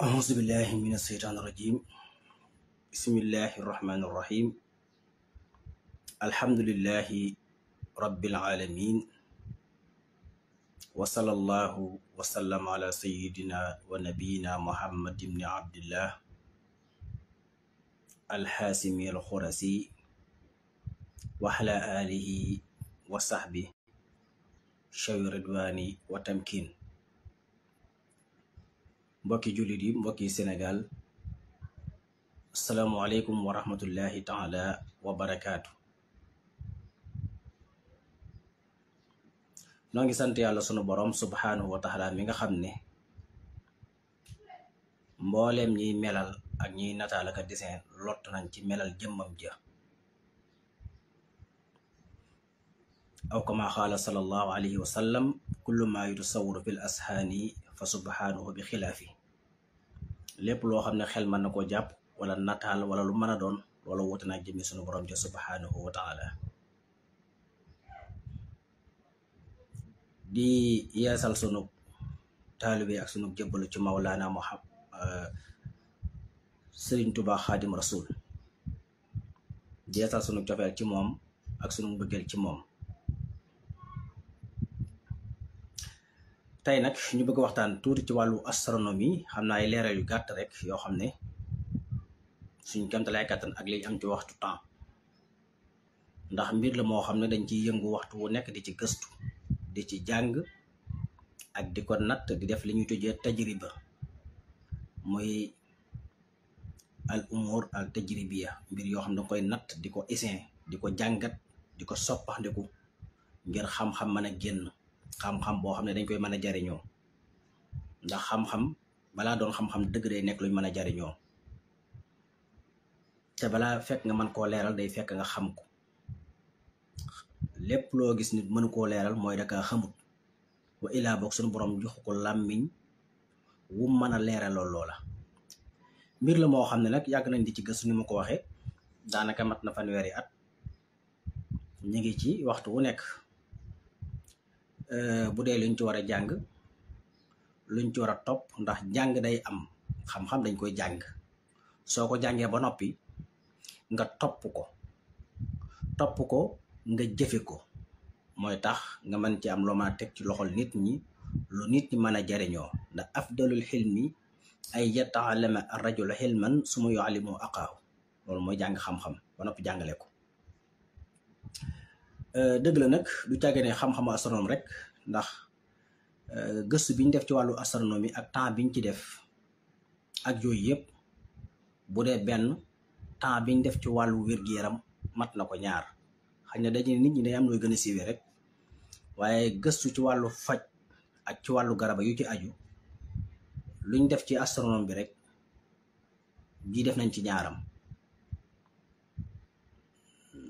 أعوذ بالله من الشيطان الرجيم بسم الله الرحمن الرحيم الحمد لله رب العالمين وصلى الله وسلم على سيدنا ونبينا محمد بن عبد الله الحاسمي الخرسي وعلى آله وصحبه شوي رضواني وتمكين mbokki jullit yi mbokki Sénégal asalaamualeykum wa rahmatullahi taala wa barakaatu noo ngi sant yàlla sunu borom subhaanahu wa taala mi nga xam ne mbooleem ñiy melal ak ñiy nataal ak desin lott ci melal jëmmam ja aw kama qaala sallallahu alayhi wa sallam kullu ma yutasawwaru fil ashaani fa subhaanahu bi xilaafi lépp loo xam ne xel mën na koo jàpp wala nataal wala lu mën a doon loola wuute naa jëmmi sunu borom ja subhanahu wa taala di yeesal sunu taalibe ak sunu jëbbalu ci Mawlaana Muhammad eh, Sëriñ Tuubaa Xaadim Rasul di sunu cofeel ci moom ak sunu mbëggeel ci moom tay nak ñu bëgg waxtaan tuuti ci walu astronomie xamna ay léral yu gatt rek yo xamné suñu suñ kamtalaay katan ak li am ci waxtu temps ndax mbir la mo xamné dañ ci yëngu waxtu wu nekk di ci gëstu di ci jang ak di ko nat di def li ñu tëjee tajriba moy al umur al tajribiya mbir yoo xam ne danga koy natt di ko diko di ko jàngat di ko ngir xam-xam mëna xam-xam boo xam ne dañ koy mën a jariñoo ndax xam-xam balaa doon xam-xam dëgg day nekk luñ mën a jariñoo te balaa fekk nga mën koo leeral day fekk nga xam ko lépp loo gis nit mënu koo leeral mooy daka xamut wa ilaa boog suñu borom jox ko làmmiñ wu mën a leeralool loola mbir la moo xam ne nag yàgg nañ di ci gëstu ni ma ko waxee daanaka mat na fanweeri at ñu ngi ci waxtu wu nekk Euh, bu dee luñ ci war a jàng luñ ci war a topp ndax jàng day am xam-xam dañ koy jàng soo ko jàngee ba noppi nga topp ko topp ko nga jëfe ko mooy tax nga mën ci am loo mën a teg ci loxol nit ñi lu nit ñi mën a jariñoo ndax afdalul xilmi ay yataalama arrajulu xilman su ma yuallimu aqaaw loolu mooy jàng xam-xam ba noppi jàngale ko Euh, dëgg la nag du caage ne xam-xamu astronome rek ndax euh, gëstu bi def ci wàllu astronomie ak temps biñ ci def ak yooyu yëpp bu dee benn temps bi def ci wàllu wér yaram mat na ko ñaar xëy na dañuy nit ñi day am looy gën a siiwee rek waaye gëstu ci wàllu faj ak ci wàllu garaba yu ci aju luñ def ci astronome bi rek bii def nañ ci ñaaram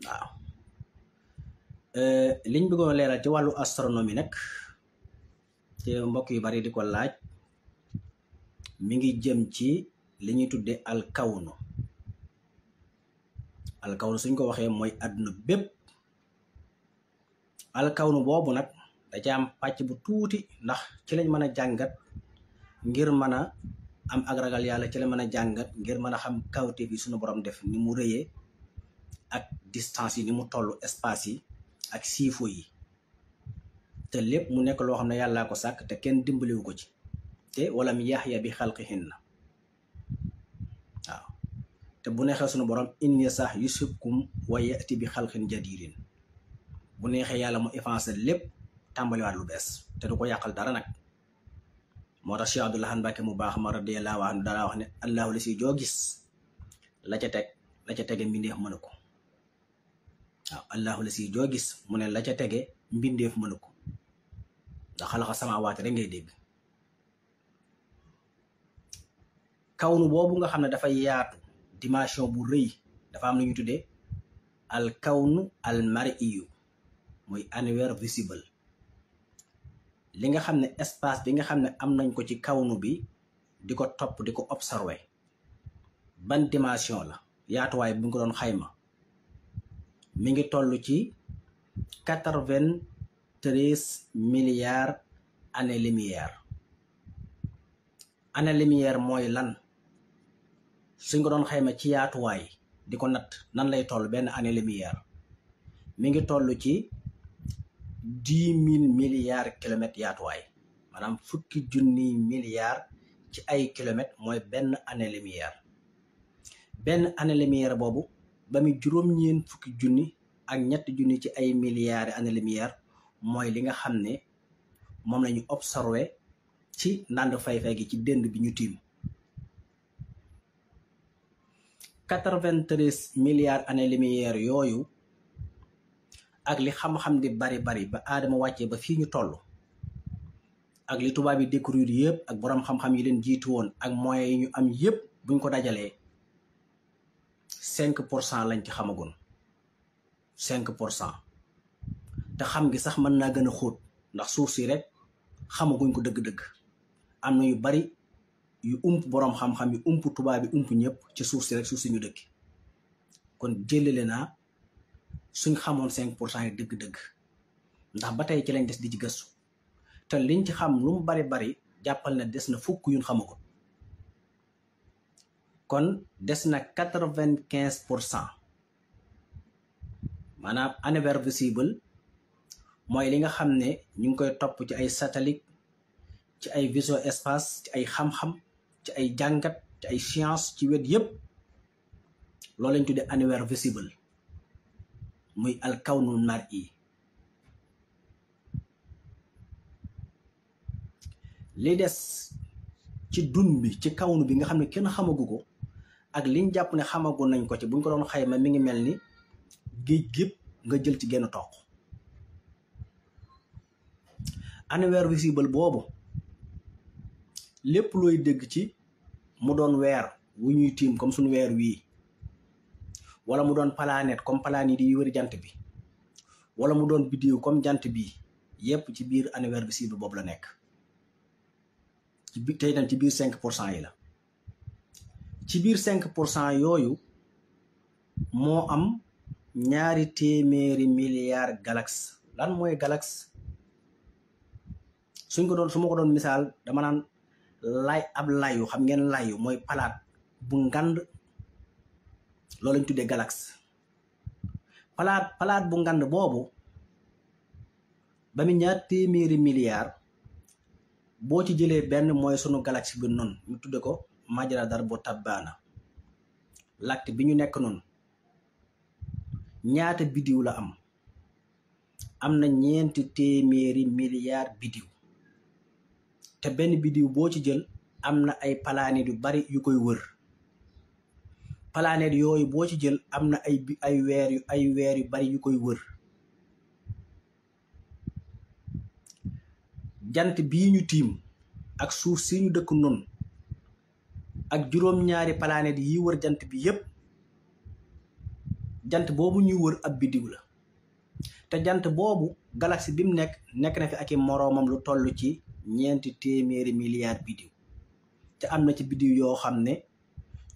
waaw. Eh, liñ bëggoon leeral ci wàllu astronomie nag ci mbokk yu bari di ko laaj mi ngi jëm ci li ñuy tudde alkawnu alkawnu suñ ko waxee mooy àdduna bépp alkawnu boobu nag da ca am pàcc bu tuuti ndax ci lañ mën a jàngat ngir mën a am ak ragal yàlla ci lañ mën a jàngat ngir mën a xam kawteef yi suñu borom def ni mu rëyee ak distance yi ni mu toll espace yi ak siifo yi te lépp mu nekk loo xam ne yàllaa ko sàkk te kenn dimbaliwu ko ci te walam yaxya bi xalqihinna waaw te bu neexee sunu borom in yasah yusibkum wa yati bi xalqin jadirin bu neexee yàlla mu effacé lépp tàmbaliwaat lu bees te du ko yàqal dara nag moo tax Cheikh Abdoul Ahad Mbacké mu baax ma radiyallahu anhu dalaa wax ne allahu la si joo gis la ca teg la ca tege mbindeef mënu ko waaw allahu la si joo gis mu ne la ca tege mbindeef mënu ko ndax xalaxa samaawaati rek ngay dégg kawnu boobu nga xam ne dafa yaatu dimension bu rëy dafa am lu ñu tudde al kawnu al mariyu muy univers visible li nga xam ne espace bi nga xam ne am nañ ko ci kawnu bi di ko topp di ko observer ban dimension la yaatuwaay bi nga ko doon xayma mi ngi toll ci quatre-vingt-treize milliards années lumière année lumière mooy lan suñ ko xayma ci yaatuwaay di ko natt nan lay toll benn anné lumière mi ngi toll ci dix mille milliards kilomètres yaatuwaay maanaam fukki junni milliards ci ay kilomètres mooy benn année lumière benn année lumière boobu ba muy juróom-ñeen fukki junni ak ñetti junni ci ay milliards année lumière mooy li nga xam ne moom lañu ñu observé ci ndànd fay-fay gi ci dënd bi ñu tiim quatre-vingt-treize milliards années lumière yooyu ak li xam-xam di bari bari ba aadama wàccee ba fii ñu toll ak li tubaab yi découvrir yëpp ak boroom xam-xam yi leen jiitu woon ak moyens yi ñu am yëpp buñ ko dajalee cinq pour cent lañ ci xamagoon cinq pour cent te xam ngi sax mën naa gën a xóot ndax suuf si rek xamaguñ ko dëgg am na yu bari yu ump boroom xam yu ump tubaab bi ump ñëpp ci suuf si suuf si ñu dëkk kon jëlale naa suñ xamoon cinq pour cent yi dëgg-dëgg ndax ba tey ci lañ des di ci gëstu te liñ ci xam lu mu bari bari jàppal na des na fukk yuñ xamagoon kon des na quatre vingt quinze pour cent maanaam univers visible mooy li nga xam ne ñu ngi koy topp ci ay satellite ci ay viso espace ci ay xam-xam ci ay jàngat ci ay science ci wet yépp loolu lañ tuddee univers visible muy alkawnu nar yi li des ci dun bi ci kawnu bi nga xam ne kenn xamagu ko ak liñ jàpp ne xamagoon nañ ko ci buñ ko doon xayma mi ngi mel ni géej gépp nga jël ci genn toq année weer visible boobu lépp looy dégg ci mu doon weer wu ñuy tiim comme suñu weer wii wala mu doon planète comme planète yi di wër jant bi wala mu doon biddiw comme jant bi yépp ci biir année weer visible boobu la nekk ci biir tey dem ci biir cinq pour cent yi la ci bir 5% yoyu mo am ñaari téméré milliard galaxies lan moy galaxies suñ ko don suma ko don misal dama nan lay ab layu xam ngeen layu moy palaat bu ngand lo lañ tuddé galaxies palaat palaat bu ngand bobu bami ñaar téméré milliard bo ci jëlé ben moy suñu galaxie bi non ñu tuddé ko majra darbo tabbana lakti biñu nekk noon ñaata bidiw la am am na ñeenti téeméeri milliard bidiw te benn bidiw boo ci jël am na ay palaanit yu bari yu koy wër palaanit yooyu boo ci jël am na ay ay weer yu ay weer yu bari yu koy wër jant bii ñu tiim ak suuf si ñu dëkk noonu ak juróom-ñaari planètes yi wër jant bi yépp jant boobu ñuy wër ab biddiw la te jant boobu galaxie bi mu nekk nekk na ak moroomam lu toll ci ñeenti téeméeri milliards biddiw te am na ci biddiw yoo xam ne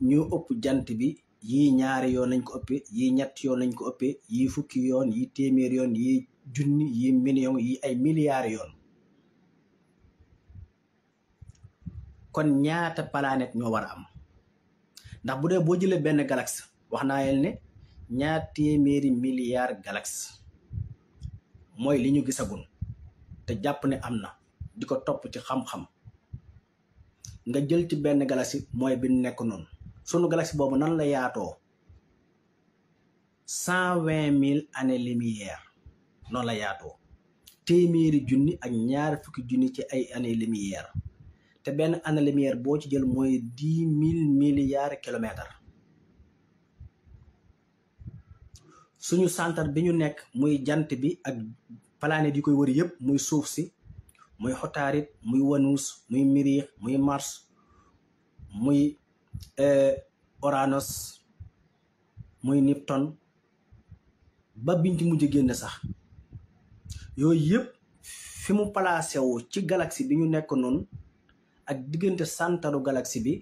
ñoo ëpp jant bi yi ñaari yoon lañ ko ëppee yii ñett yoon lañ ko ëppee yii fukki yoon yi téeméeri yoon yi junni yii million yii ay milliards yoon kon ñaata planète ñoo wara am ndax bu dé bo jëlé benn galaxie waxna yel né ne méri milliards galaxies moy liñu gissagul té te né amna diko top ci xam-xam nga jël ci benn galaxie moy bi nekk non sunu galaxie bobu nan la yaato 120000 années lumière non la yaato téméri junni ak ñaar fukki junni ci ay années lumière te benn année lumière boo ci jël mooy dix mille milliards kilomètres suñu centre bi ñu nekk muy jant bi ak planète di koy wër yëpp muy suuf si muy xotaarit muy wanus muy miriix muy mars muy eh, Uranus muy nipton ba biñ ci mujj génn sax yooyu yëpp fi mu placé wu ci galaxie bi ñu nekk noonu ak diggante santaru galaxie bi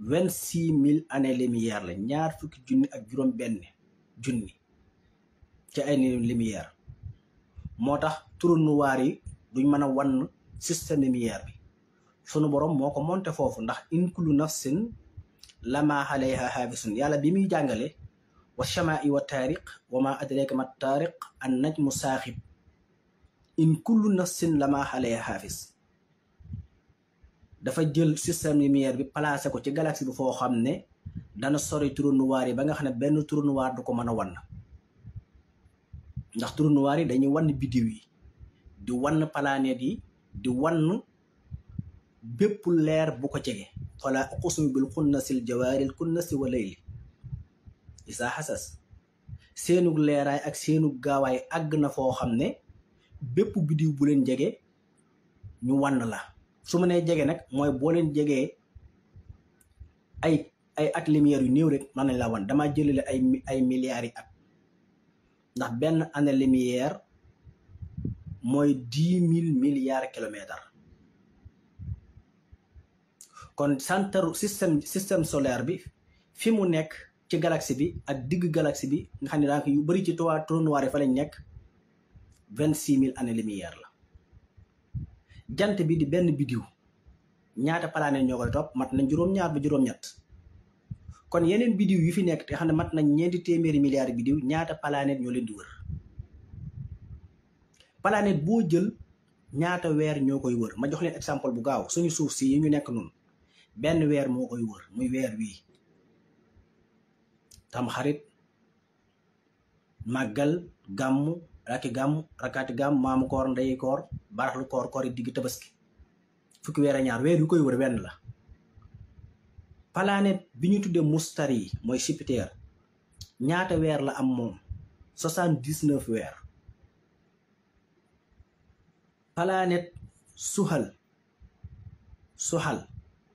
vingt six mille années lumière la ñaar fukki junni ak juróom benn junni ci ay lumière moo tax trou noir yi duñ mën a wann système lumière bi sunu borom moo ko monte foofu ndax in kullu nafsin lama alayha hafisun yàlla bi muy jàngale wa shamaa i wa taariq wa ma adraka ma taariq an najmu saaxib in kullu nafsin lama alayha hafis dafa jël système lumière bi placé ko ci galaxie bi foo xam ne dana sori trou noir yi ba nga xam ne benn trou noir du ko mën a wan ndax trou noir yi dañuy wan biddiw yi di wan planètes yi di wan bépp leer bu ko jege fala uqsimu bil xunnasil jawaaril kunnasi wa layli isaa xasas seenug leeraay ak seenu gaawaay àgg na foo xam ne bépp biddiw bu leen jege ñu wann la su ma jégué nak moy bo leen ay ay at lumière yu new rek man nañ laa wan damaa jëlale ay ay milliards yi at ndax ben année lumière moy 10000 milliards kilomètres kon santaru système système solaire bi fi mu nek ci galaxie bi ak digg galaxie bi nga xam da nga yu bari ci toit noir fa lañ nek 26000 années lumière la jant bi di benn biddiw ñaata planète ñoo koy topp mat nañ juróom-ñaar ba juróom-ñett kon yeneen biddiw yu fi nekk te xam ne mat nañ ñeenti téeméeri milliards biddiw ñaata planète ñoo leen di wër planète boo jël ñaata weer ñoo koy wër ma jox leen exemple bu gaaw suñu suuf si ñu nekk noonu benn weer moo koy wër muy weer wii tam xarit màggal gàmmu rakki gàmm rakkaati gàmm maamu koor ndeyi koor baraxlu koor koor yi digg tabaski fukki weer a ñaar weer yu koy wër wenn la planète bi ñu tuddee mustari yi mooy Jupiter ñaata weer la am moom soixante-dix-neuf weer planète suxal suxal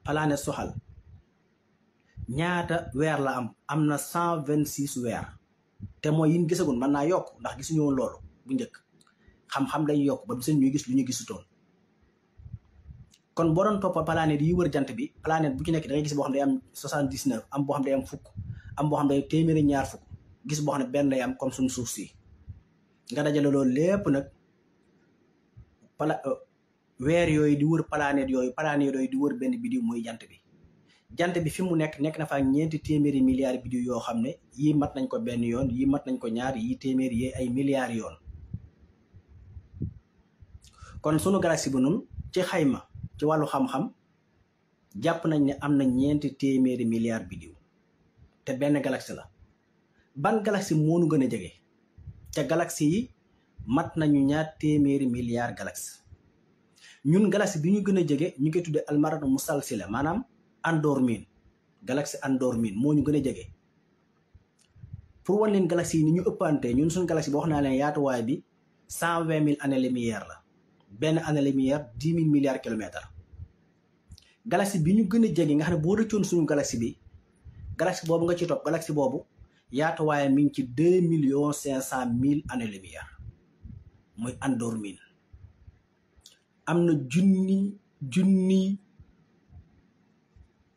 planète suxal ñaata weer la am am na cent vingt six weer te mooy yin gisagun mën naa yokk ndax gisuñu woon loolu bu ñëk xam-xam lay yok ba seen ñuy gis lu ñu gisutoon kon boo doon toppa planète yi wër jant bi planète bu ci nekk da ngay gis bo xam day am 79 am bo xam day am fukk am bo xam day téméré ñaar fukk gis bo xam ne benn lay am comme sun suuf si nga dajale lool lépp nag pala euh, weer yooyu di wër planète yooyu planète yooyu di wër benn bidiw mooy jant bi jant bi fi mu nekk nekk na fa ñeenti téeméeri milliards bidiw yoo xam ne yii mat nañ ko benn yoon yii mat nañ ko ñaar yii téeméeri yee ay milliards yoon kon sunu galaxie bu nun ci xayma ci walu xam-xam japp nañ ne am na ñeenti téeméeri milliards diw te benn galaxy la ban galaxy moonu gën a jege galaksi galaxy yi mat nañu ñaar téeméeri milliards galaxy ñun galaxy bi ñu gën a jege ñu ngi andormin, galaksi musalsila maanaam andormin jage. Fuwanin moo ñu gën a jege pour wan leen galaxy ni ñu ëppante ñun sun galaxy bi wax naa leen yaatuwaay bi années lumière la ben année lumière dix mille milliards kilomètres galaxie bi ñu gën a jege nga xam ne boo suñu galaxie bi galaxie bobu nga ci topp galaxie boobu yaatuwaayam mi ngi ci deux millions cinq cent mille année lumière muy Andormine am na junni junni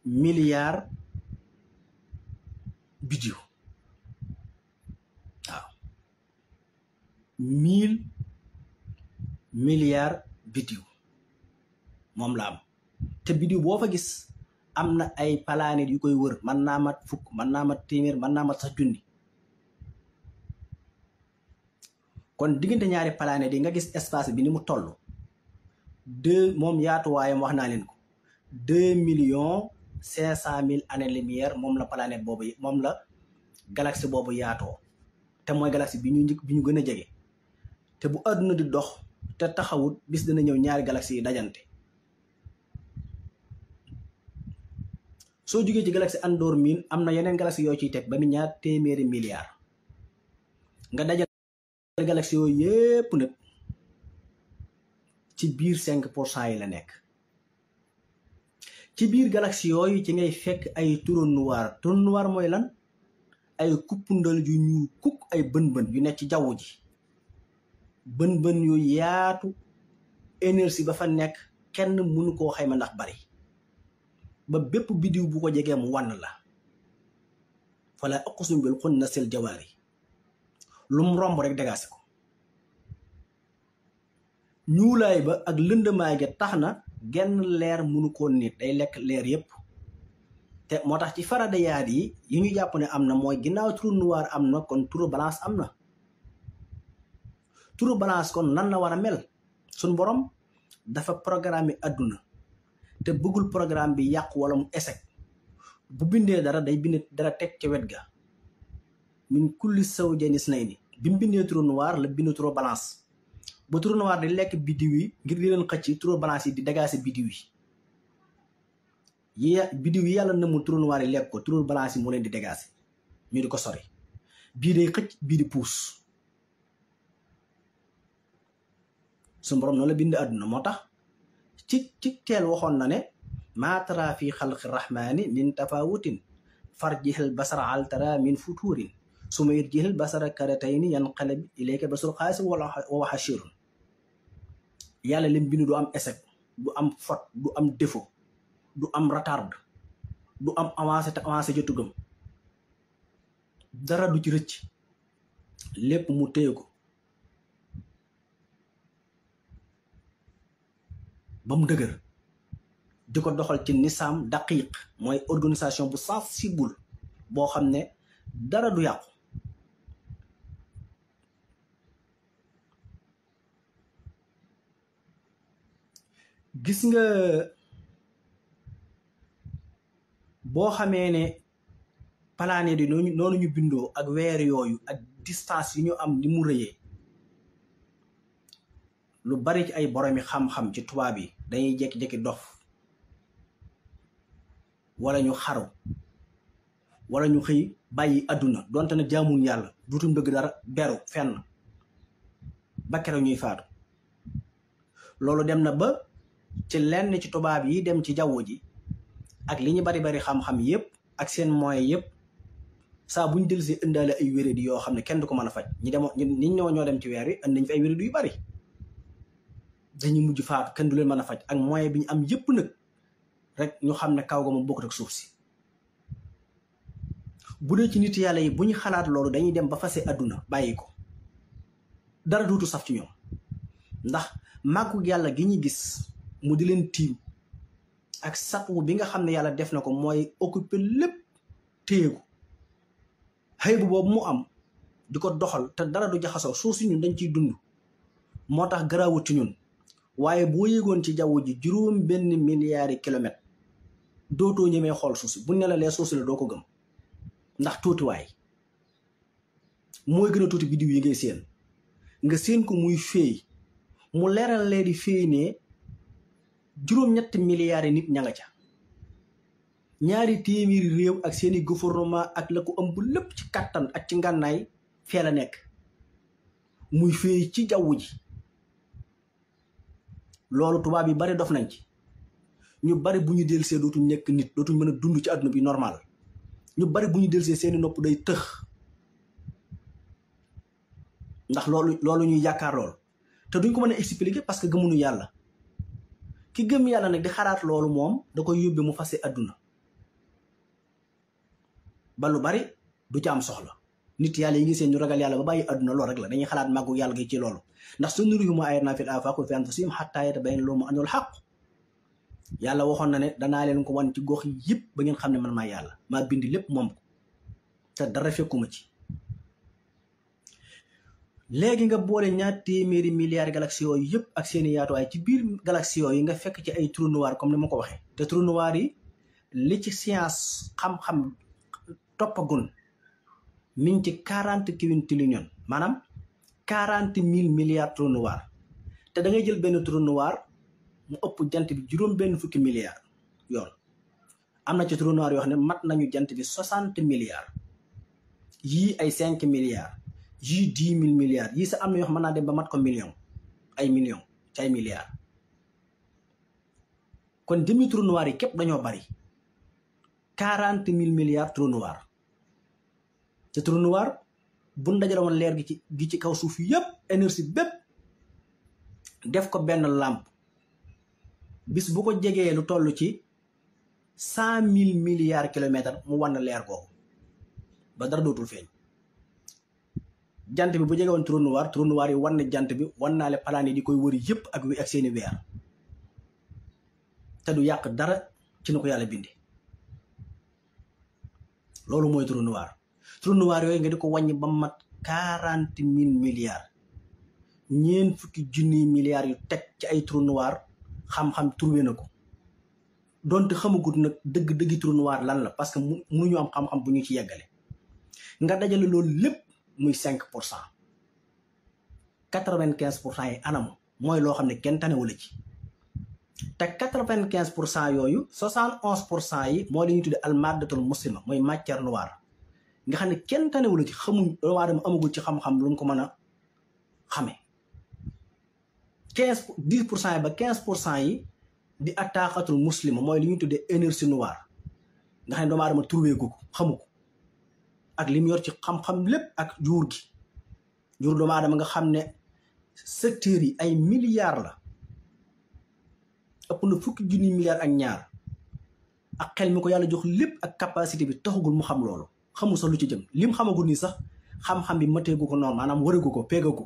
milliard biddiw mi milliard video mom la am te video bo fa gis amna ay planètes yu koy wër man na mat fuk man na mat témir man na mat sax jundi kon diggante ñaari planètes yi nga gis espace bi ni mu toll deux moom yaatuwaayam wax naa len ko 2 millions 500000 années lumière moom la planète bobu moom la galaxie bobu yaato te moy galaxie bi ñu bi ñu gëna a te bu aduna di dox te taxawut bis dina ñew ñaari galaxy yi dajante So juga ci galaxy andor min am galaxy yeneen galaxie yoo ciy ba mi ñaar téméré milliard nga dajal posa yo yépp nak ci biir 5 yi la nek ci biir galaxie yooyu ci ngay fekk ay tour noir tour noir moy lan ay ju ñu kuk ay bën bën yu nekk ci jawu ji bën-bën yu yaatu énergie ba fa nekk kenn mënu koo xayma ndax bari ba bépp biddiw bu ko jegee mu wann la fala aqsum bil xunnasil jawaari lu mu romb rek dagaase ko ñuulaay ba ak lëndamaay ga tax na genn leer mënu ko nit day lekk leer yépp te moo tax ci farada yaat yi yi ñu jàpp ne am na mooy ginnaaw trou noir am na kon trou balance am na turu balance kon nan la war a mel suñ borom dafa programme àdduna te bëggul programme bi yàq wala mu échec bu bindee dara day bind dara teg ca wet ga min kulli zawjayni isnayni bi mu bindee trou noir la bind trou balance ba trou noir di lekk biddiw yi ngir di leen xëcc trou balance yi di dagaase biddiw yi yi biddiw yi yàlla namul trou noir yi lekk ko trou balance yi moo leen di dagaase ñu di ko sori bii day xëcc bii di puus su borom noonu la bind àdduna moo tax ci ci teel waxoon na ne maa tara fi xalqi rahmaani min tafawutin farjihil basara altara min futurin suma irjihil basara karatayni yanqalib ilayka basul xaasim wala wa xashirun yàlla lim bind du am échec du am faute du am défaut du am retard du am avancé te avancé jotugam dara du ci rëcc mu téye ko ba mu dëgër di ko doxal ci nisaam daqiq mooy organisation bu sensible boo xam ne dara du yàqu gis nga boo xamee ne planète di noonu noonu ñu bindoo ak weer yooyu ak distance yu ñu am ni mu rëyee lu bari ci ay boromi xam-xam ci tubaab yi dañuy jékki-jékki dof wala ñu xaru wala ñu xëy bàyyi àdduna donte na jaamun yàlla duutum dëgg dara beru fenn ba keroog ñuy faatu loolu dem na ba ci lenn ci tubaab yi dem ci jaww ji ak li ñu bari bari xam-xam yépp ak seen moyen yépp saa bu ñu dellusee indaale ay wéradi yoo xam ne kenn du ko mën a faj ñi demoo nit ñoo ñoo dem ci weer wi indi nañ fi ay wéradi yu bari dañuy mujj faatu kenn du leen mën a faj ak moyen bi ñu am yëpp nag rek ñu xam ne kaw ga moom bokkut ak suuf si bu dee ci nit yàlla yi bu ñu xalaat loolu dañuy dem ba fase àdduna bàyyi ko dara duutu saf ci ñoom ndax màggu yàlla gi ñu gis mu di leen tiim ak satwu bi nga xam ne yàlla def na ko mooy occuper lépp téye ko xëy bu boobu mu am di ko doxal te dara du jaxasoo suuf si ñun dañ ciy dund moo tax garaawut ci ñun waaye boo yéegoon ci jaww ji juróom benn milliards kilomètres dootoo ñemee xool suuf si bu ne la si la doo ko gëm ndax tuutiwaay moo gën a tuuti biddiw yi ngay seen nga séen ko muy féey mu leeral leeri di féey ne juróom-ñetti milliards nit ña ca ñaari téeméeri réew ak seeni gouvernement ak la ko ëmb lépp ci kattan ak ci ngànnaay fee la nekk muy féey ci jaww ji loolu tubaab yi bari dof nañ ci ñu bari bu ñu delsee dootuñ nekk nit dootuñ mën a dund ci àdduna bi normal ñu bari bu ñu delsee seeni nopp day tëx ndax loolu loolu ñuy yaakaar lool te duñ ko mën a expliquer parce que munu yàlla ki gëm yàlla nag di xaraat loolu moom da koy yóbbee mu fase àdduna ba lu bari du ci am soxla nit yalla yi ngi seen ñu ragal yalla ba bayyi aduna loolu rek la dañuy xalaat magu yalla gi ci loolu ndax su nurihum ayatina fil afaqu fi antasim hatta yatabayyana lahum annahu al-haqq yalla waxon na ne dana leen ko won ci gox yëpp ba ngeen xamne man ma yalla ma bindi lepp mom ko te dara fekkuma ci legi nga boole ñaar téméri milliards galaxie yooyu yëpp ak yaatu ay ci biir galaxie yooyu nga fekk ci ay trou noir comme ni mako waxe te trou noir yi li ci science xam-xam topagul min ci 40 quintillion trillion manam 40000 milliards trou noir te da ngay jël ben trou noir mu upp jant bi juroom ben fukki milliards yoon amna ci trou noir yo xamne mat nañu jant bi 60 milliards yi ay 5 milliards yi 10000 milliards yi sa am yo xamna dem ba mat ko million ay million ci ay milliards kon demi trou noir yi kep dañu bari 40000 milliards trou noir ci trou noir bu ñu leer gi ci gi ci kaw suuf yëpp énergie bépp def ko benn làmp bis bu ko jegee lu toll ci cent mille milliards kilomètres mu wan leer googu ba dara dootul feeñ jant bi bu jege woon trou noir yi wan jant bi wan naa le yi di koy wër yëpp ak wi ak seeni weer te du yàq dara ci nu ko yàlla bindi loolu mooy trou tournoir yoy nga diko wagn ba mat 40000 mille milliards ñeen fukki junniy milliards yu tek ci ay trou noir xam-xam trouvé nako donte xamagut nak deug deug trou noir lan la parce que ñu am xam-xam bu ñu ci yeggale nga dajal lool lepp muy 5% 95% yi anam moy lo xam kën tané wala ci ta 95% yoyu 71% yi muslima moy matière noire nga xam ne kenn tanewula ci xamuñ doomu aadama amagul ci xam-xam lu mu ko mën a xamee quinze dix cent ba quinze pour cent yi di attaqatul muslima mooy li ñuy tuddee énergie noire nga xam ne doomu aadama trouvé gu ko xamu ko ak li mu yor ci xam-xam lépp ak jur gi jur doomu nga xam ne secteurs yi ay milliards la ëpp na fukki junni milliards ak ñaar ak xel mi ko yàlla jox lépp ak capacité bi taxagul mu xam loolu xamul sax lu ci jëm lim xamagul nii sax xam-xam bi mateegu ko noonu maanaam warigu ko peegagu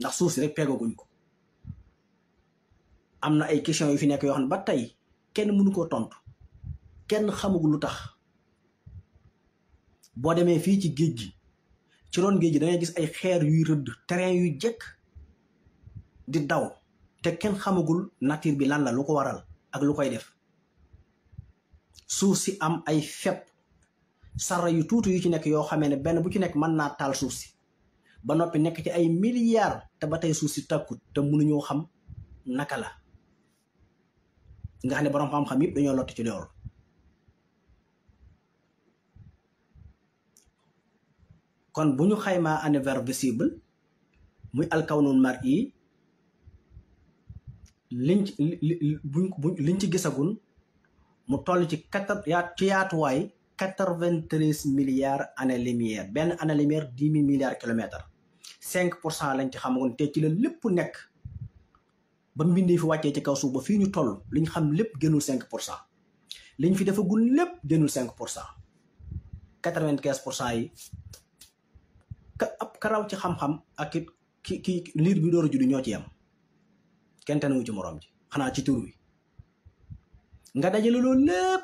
ndax suuf si rek peegaguñ ko am na ay question yu fi nekk yoo ba tey kenn mënu koo tontu kenn xamagul lu tax boo demee fii ci géej gi ci ron géej gi da gis ay xeer yuy rëdd terrain yu jekk di daw te kenn xamagul nature bi lan la lu ko waral ak lu koy def suuf si am ay fepp sara yu tuutu yu ci nekk yoo xamee ne benn bu ci nekk mën naa taal suuf si ba noppi nekk ci ay milliards te ba tey suuf si takkut te mënuñoo xam naka la nga xam ne borom xam-xam yëpp dañoo lott ci loolu kon bu ñu xaymaa univers visible muy alkawnul mar yi liñ ci buñ liñ ci gisagun mu toll ci katab ya ci yaatuwaay 93 milliards années lumière ben année lumière 10 000 milliards kilomètres 5% lañ ci xamone té ci la lépp nekk ba mbindi fi waccé ci kawsu ba fi ñu toll liñ xam lepp gënul 5% liñ fi gul lepp gënul 5% 95% yi ka ab karaw ci xam-xam ak ki ki liir bi door a ñoo ci yam kenn tanawu ci morom ji xana ci tour wi nga dajale loolu lepp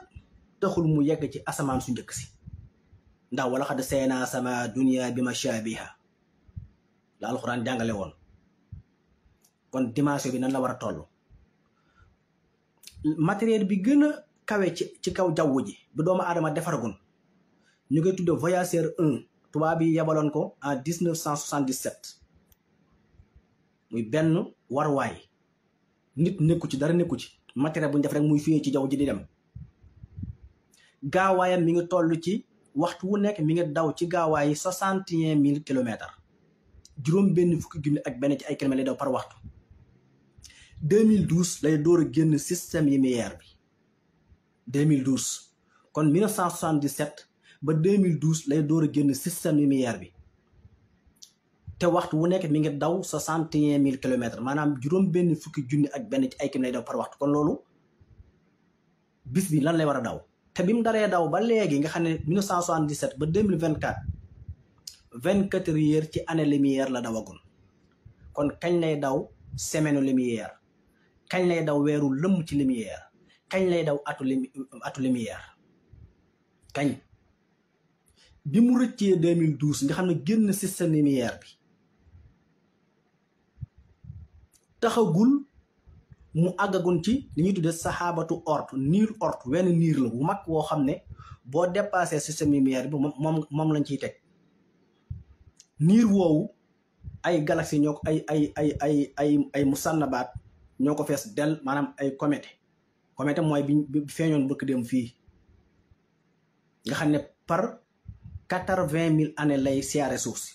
taxul mu yegg ci asamaan su njëkk si ndax wala xad seena sama dunia bi ma shaabiha la alxuraan jàngale woon kon dimension bi nan la war a toll matériel bi gën a kawe ci ci kaw jaww ji bu doomu aadama defaragun ñu koy tudde voyageur un tubaab yi yebaloon ko en dix neuf cent soixante dix muy benn warwaay nit nekku ci dara nekku ci matériel bu ñu def rek muy fiyee ci jaww ji di dem gaawaayam mi ngi toll ci waxtu wu nekk mi ngi daw ci gaawaay soixante et mille kilomètres juróom benn fukki junni ak benn ci ay kilomètres lay daw par waxtu 2012 lay door a génn système lumière bi 2012 kon 1977 ba 2012 lay door a génn système lumière bi te waxtu wu nekk mi ngi daw soixante et mille kilomètres maanaam juróom benn fukki junni ak benn ci ay kilomètres lay daw par waxtu kon loolu bis bi lan lay war a daw te bi mu daree daw ba léegi nga xam ne 1977 ba vingt 24 heures ci année lumière la dawagul kon kañ lay daw semaine lumière kañ lay daw weeru lëm ci lumière kañ lay daw atu limière atu lumière kañ bi mu rëccee 2012 nga xam ne génn si système lumière bi taxagul. mu àggagun ci li ñuy tuddee saxaabatu ort niir ort wenn niir la bu mag woo xam ne boo dépassé système lumière bi moom moom lañ ciy teg niir woowu ay galaxie ñoo ko ay ay ay ay ay ay musannabaat ñoo ko fees del maanaam ay comète comète mooy bi feeñoon bëkk dem fii nga xam ne par quatre-vingt mille années lay siyaare suuf si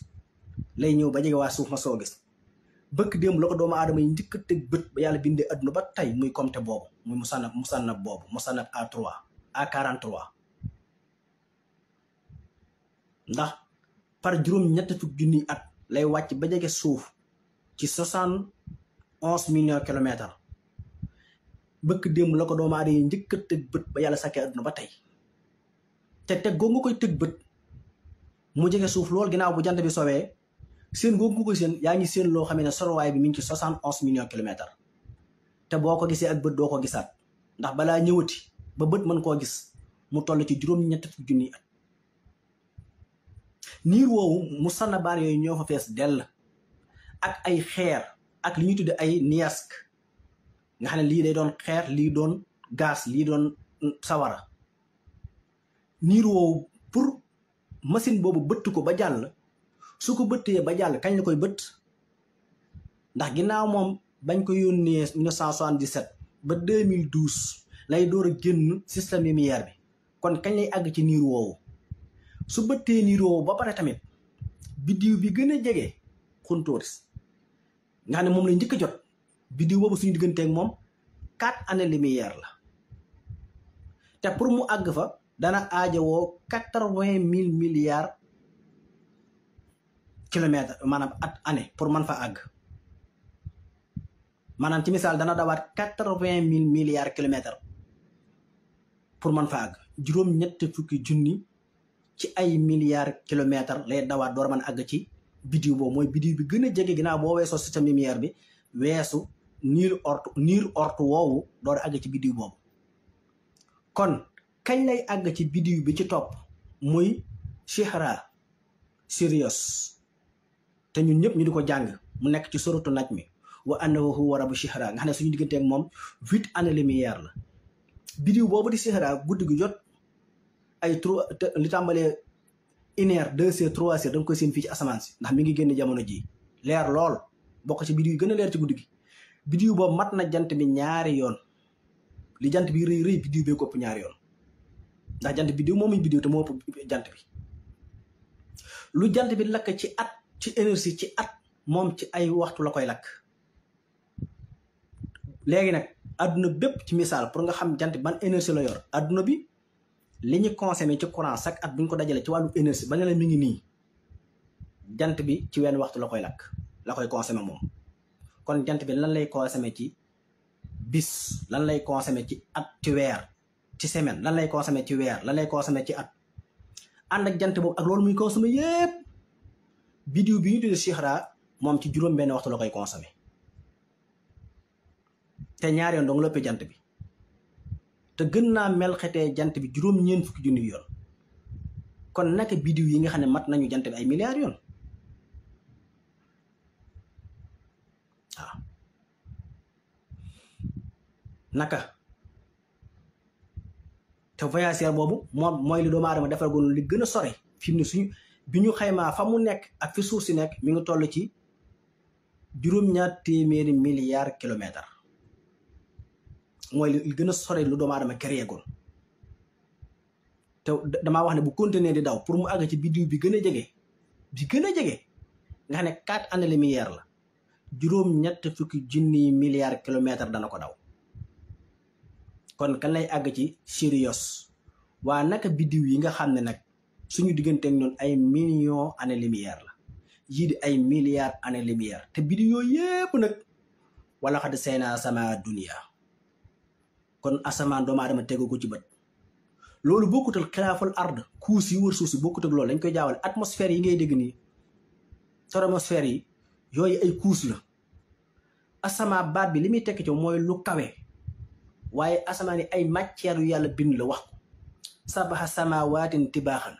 lay ñëw ba jege waa suuf ma soo gis bëkk démb la ko doomu yi njëkk a bët ba yàlla bindee aduna ba tey muy comté boobu muy musannab musannab boobu musannab A3 A43 ndax par juróom-ñetti fukki junniy at lay wàcc ba jege suuf ci soixante onze millions kilomètres bëkk démb la ko doomu yi njëkk a teg bët ba yàlla sakkee adduna ba tey te teg googu nga koy teg bët mu jege suuf lool ginnaaw bu jant bi soowee seen googu ko seen yaa ngi seen loo xamee soro way bi mi ngi ci soixante onze millions kilomètres te boko ko ak bët doo ko gisaat ndax bala ñëwati ba bët mën ko gis mu toll ci juroom ñett fu jooni at niir woowu mu sannabaan yooyu ñoo fa fees dell ak ay xeer ak li ñuy tudde ay niask nga xam ne lii day doon xeer lii doon gaz lii doon sawara niir woowu pour machine boobu bëtt ko ba jàll Suku ko bëttee ba jall kañ la koy bëtt ndax ginaaw mom bañ ko yónnee 1977 ba 2012 lay door genn système lumière bi kon kañ lay ag ci niro wo su bëttee niro woowu ba paré tamit biddiw bi gëna jégé jege nga né mom, lay ñëk njëkk a jot biddiw boobu suñu ak mom 4 années lumière la té pour mu ag fa dana aajowoo wo 80.000 milliards Kilometer, manam at année pour man fa ag manam ci misal dana dawat 80000 milliards kilomètres pour man fa ag juróom ñett fukki junni ci ay milliards kilomètres lay dawat door man ag ci bidiw bo moy bidiw bi gëna a jege bo wéso système lumière bi nir ortu nir ortu wowo door ag ci bidiw kon kañ lay ag ci bidiw bi ci top moy shihra sirius te ñun ñëpp ñu di ko jàng mu nekk ci soratu naj mi wa annahu huwa rabu shihra nga xam ne suñu diggante ak moom huit années lumière la bidiw boobu di sihra guddi gi jot ay trois li tàmbalee une heure deux heures trois heures da nga koy seen fii ci asamaan si ndax mi ngi génn jamono ji leer lool bokk ci bidiw yi gën a leer ci guddi gi bidiw boobu mat na jant bi ñaari yoon li jant bi rëy rëy bidiw bee kopp ñaari yoon ndax jant bidiw moom muy bidiw te moo ëpp jant bi lu jant bi lakk ci at ci énergie ci at moom ci ay waxtu la koy lakk léegi nag adduna bépp ci misaal pour nga xam jant ban énergie la yor adduna bi li ñu consommé ci courant chaque at bu ñu ko dajalee ci wàllu énergie ba ne la mi ngi nii jant bi ci wenn waxtu la koy lakk la koy kon jant bi lan lay consommé ci bis lan lay consommé ci at ci weer ci semaine lan lay consommé ci weer lan lay consommé ci at ànd ak jant boobu ak loolu muy consommé yépp biddiw bi ñu tuddee sixra moom ci juróom benn waxtu la koy consommé te ñaari yoon dong lëppee jant bi te gën naa mel jant bi juróom ñeen fukki junni yoon kon naka biddiw yi nga xam ne mat nañu jant bi ay milliards yoon waaw naka te voyageur boobu moom mooy li doomu aadama defal li gën a sore bi ñu xaymaa fa mu nekk ak fi suuf si nekk mi ngi toll ci juróom-ñaar téeméeri milliards kilomètres mooy gën a sore lu doomu aadama kër yeegul te damaa wax ne bu continuer di daw pour mu àgg ci biddiw bi gën a jege bi gën a jege nga xam ne quatre années-lumière la juróom-ñett fukki junniy milliards kilomètres dana ko daw kon kan lay àgg ci Sirius waa naka biddiw yi nga xam ne nag suñu digganteeg noonu ay millions année lumière la yii di ay milliards année lumière te bidi yooyu yépp nag wala xad seenaa sama dunia kon asamaan doomu aadama tegu ko ci bët loolu bokkutal xilaaful ard kuus yi wër suuf si bokkut ak loolu dañ koy jaawale atmosphère yi ngay dégg nii atmosphère yi yooyu ay kuus la asamaa baat bi li muy tekki ci mooy lu kawe waaye asamaan yi ay matière yàlla bind la wax ko sabaxa samawaatin tibaaxan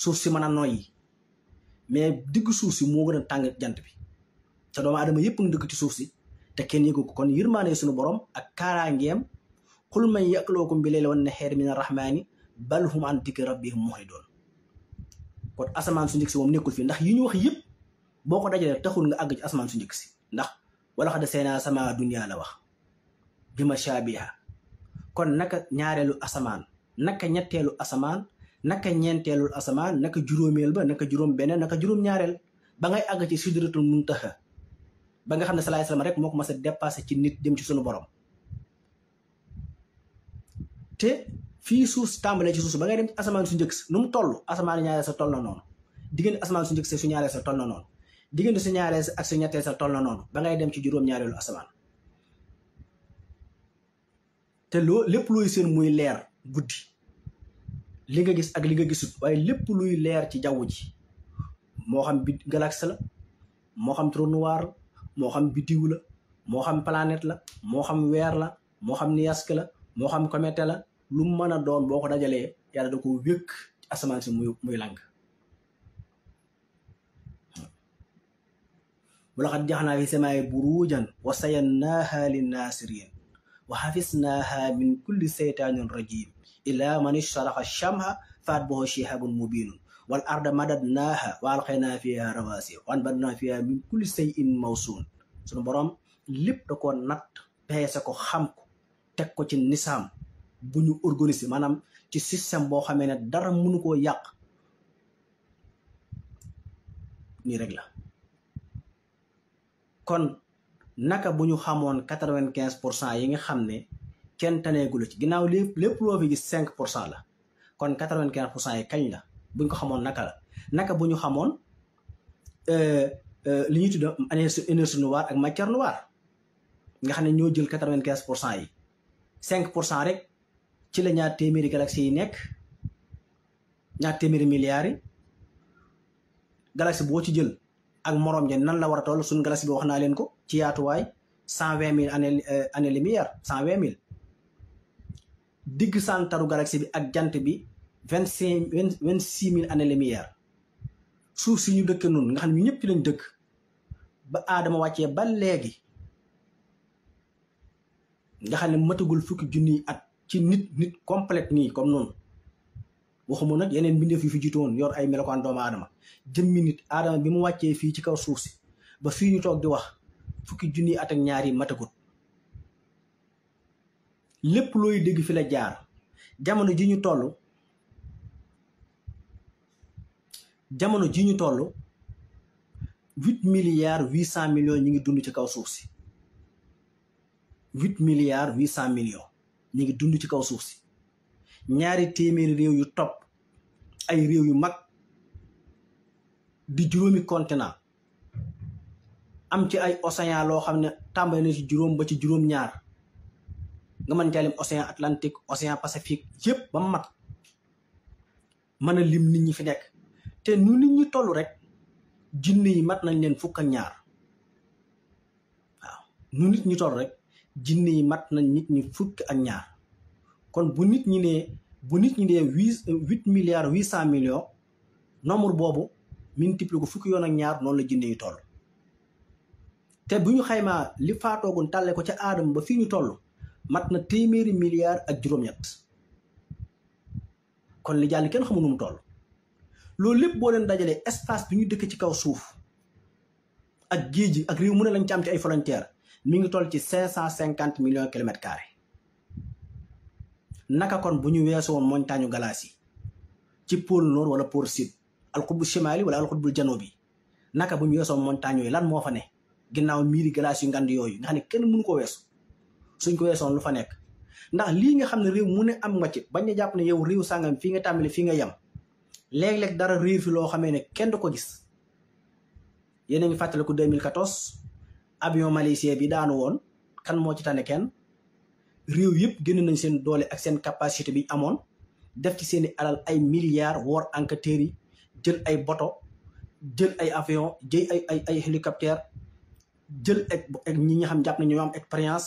suuf si mën a noyi mais digg suuf si moo war a tàng jant bi te doomu adama yëpp nga dëkk ci suuf si te kenn yëgu ko kon yërmaane suñu borom ak kaaraangeem xul man yaqlookum bi leele wan ne xeer min arrahmaani bal hum an dikki rabbihim muhridoon kon asamaan su njëkk si moom nekkul fii ndax yi ñu wax yëpp boo ko dajalee taxul nga àgg ci asamaan su njëkk si ndax wala xad seenaa sama dunya la wax bi ma shaabiha kon naka ñaareelu asamaan naka ñetteelu asamaan naka ñeenteelul asamaan naka juróomeel ba naka juróom beneen naka juróom ñaareel ba ngay àgg ci sidratul muntaha ba nga xam ne salaay salaam rek moo ko mas a dépassé ci nit jëm ci sunu borom te fii suuf tàmbalee ci suuf ba ngay dem ci asamaan su njëkk nu mu toll asamaan ñaareel sa toll na noonu diggante asamaan su njëkk sa su ñaareel sa toll na noonu diggante su ñaareel sa ak su sa toll na noonu ba ngay dem ci juróom-ñaareelu asamaan te loo lépp looyu seen muy leer guddi li nga gis ak li nga gisut waaye lépp luy leer ci jaww ji moo xam bi la moo xam trou noir moo xam biddiw la moo xam planète la moo xam weer la moo xam niask la moo xam comète la lu mën a doon boo ko dajalee yàlla da ko wékk ci asamaan si muy muy lang wa laqad jaxnaa fi samaay buruujan wa sayannaaha linnaasiriin wa xafisnaaha min kulli seytaanin rajim illa man ishtaraha shamha fa atbahu shihabun mubinun wal arda madadnaaha wa alqaynaa fiha rawasi wa anbatnaa fiha min kulli shay'in mawsuun sunu boroom lépp da koo natt ko xam ko teg ko ci nisaam bu ñu organiser maanaam ci système boo xamee ne dara mënu koo yàq nii rek la kon naka bu ñu xamoon quatre vingt pour cent yi nga xam ne kenn taneegula ci ginaaw lepp lepp lo fi gis 5 la kon 95 yi kagn la buñ ko xamone naka la naka buñu bu euh xamoon euh, li ñuy tudd énergie noire ak matière noire nga xamne ne ñoo jël 95 yi 5 rek ci la ñaar téméré galaxie yi nek ñaar téméré milliards yi galaxie bo ci jël ak morom ja nan la wara tollu sun galaxie bi wax len ko ci yaatu way 120000 années euh, années lumière 120000 digg santaru galaxie bi ak jant bi vingt cinq vingt six mille années lumière suuf si ñu dëkke noonu nga xam ñu ñëpp ci dëkk ba aadama wàccee ba léegi nga xam ne matagul fukki junniy at ci nit nit complète nii comme noonu waxuma nag yeneen mbindeef yu fi jiitoon yor ay melokaan doomu aadama jëmmi nit aadama bi mu wàccee fii ci kaw suuf si ba fii ñu toog di wax fukki junniy at ak ñaari matagut lépp looy dégg fi la jaar jamono ji ñu toll jamono ji ñu toll huit milliards huit cent millions ñi ngi dund ci kaw suuf si huit milliards huit cent millions ngi dund ci kaw suuf si ñaari téeméeri réew yu topp ay réew yu mag di juróomi continent am ci ay océan loo xam ne tàmbali na ci juróom ba ci juróom-ñaar nga mën caa lim océan Atlantique océan Pacifique yëpp ba mat mën a lim nit ñi fi nekk te nu nit ñi toll rek jinne yi mat nañ leen fukk ak ñaar waaw nu nit ñi toll rek jinne yi mat nañ nit ñi fukk ak ñaar kon bu nit ñi nee bu nit ñi nee huit huit milliards huit cent millions nombre boobu multiplié ko fukki yoon ak ñaar noonu la jinne yi toll te bu ñu xaymaa li faatoogun tàlle ko ca aadama ba fii ñu toll mat na téeméeri milliards ak juróom-ñett kon li jàll kenn xamu nu mu toll loolu lépp boo leen dajalee espace bi ñu dëkk ci kaw suuf ak géej gi ak réew mu ne lañ ci ci ay frontière mi ngi toll ci cinq cent cinquante million kilomètres carrés naka kon bu ñu weesoon montagne glace yi ci pôle nord wala pôle sud alxutbu shimali wala alxutbu janobi naka bu ñu weesoon montagne yooyu lan moo fa ne ginnaaw miiri glace yu yooyu nga xam kenn mënu ko weesu suñ ko weesoon lu fa nekk ndax lii nga xam ne réew mu ne am nga ci bañ a jàpp ne yow réew sàngam fii nga tàmbali fii nga yam léeg-léeg dara réew fi loo xamee ne kenn du ko gis yéen a ngi fàttaliku 2014 avion malaisie bi daanu woon kan moo ci tane kenn réew yëpp génn nañ seen doole ak seen capacité bi amoon def ci seeni alal ay milliards woor enquêteurs jël ay boto jël ay avion jël ay ay ay hélicoptère jël ak ñi nga xam jàpp nañ ñoo am expérience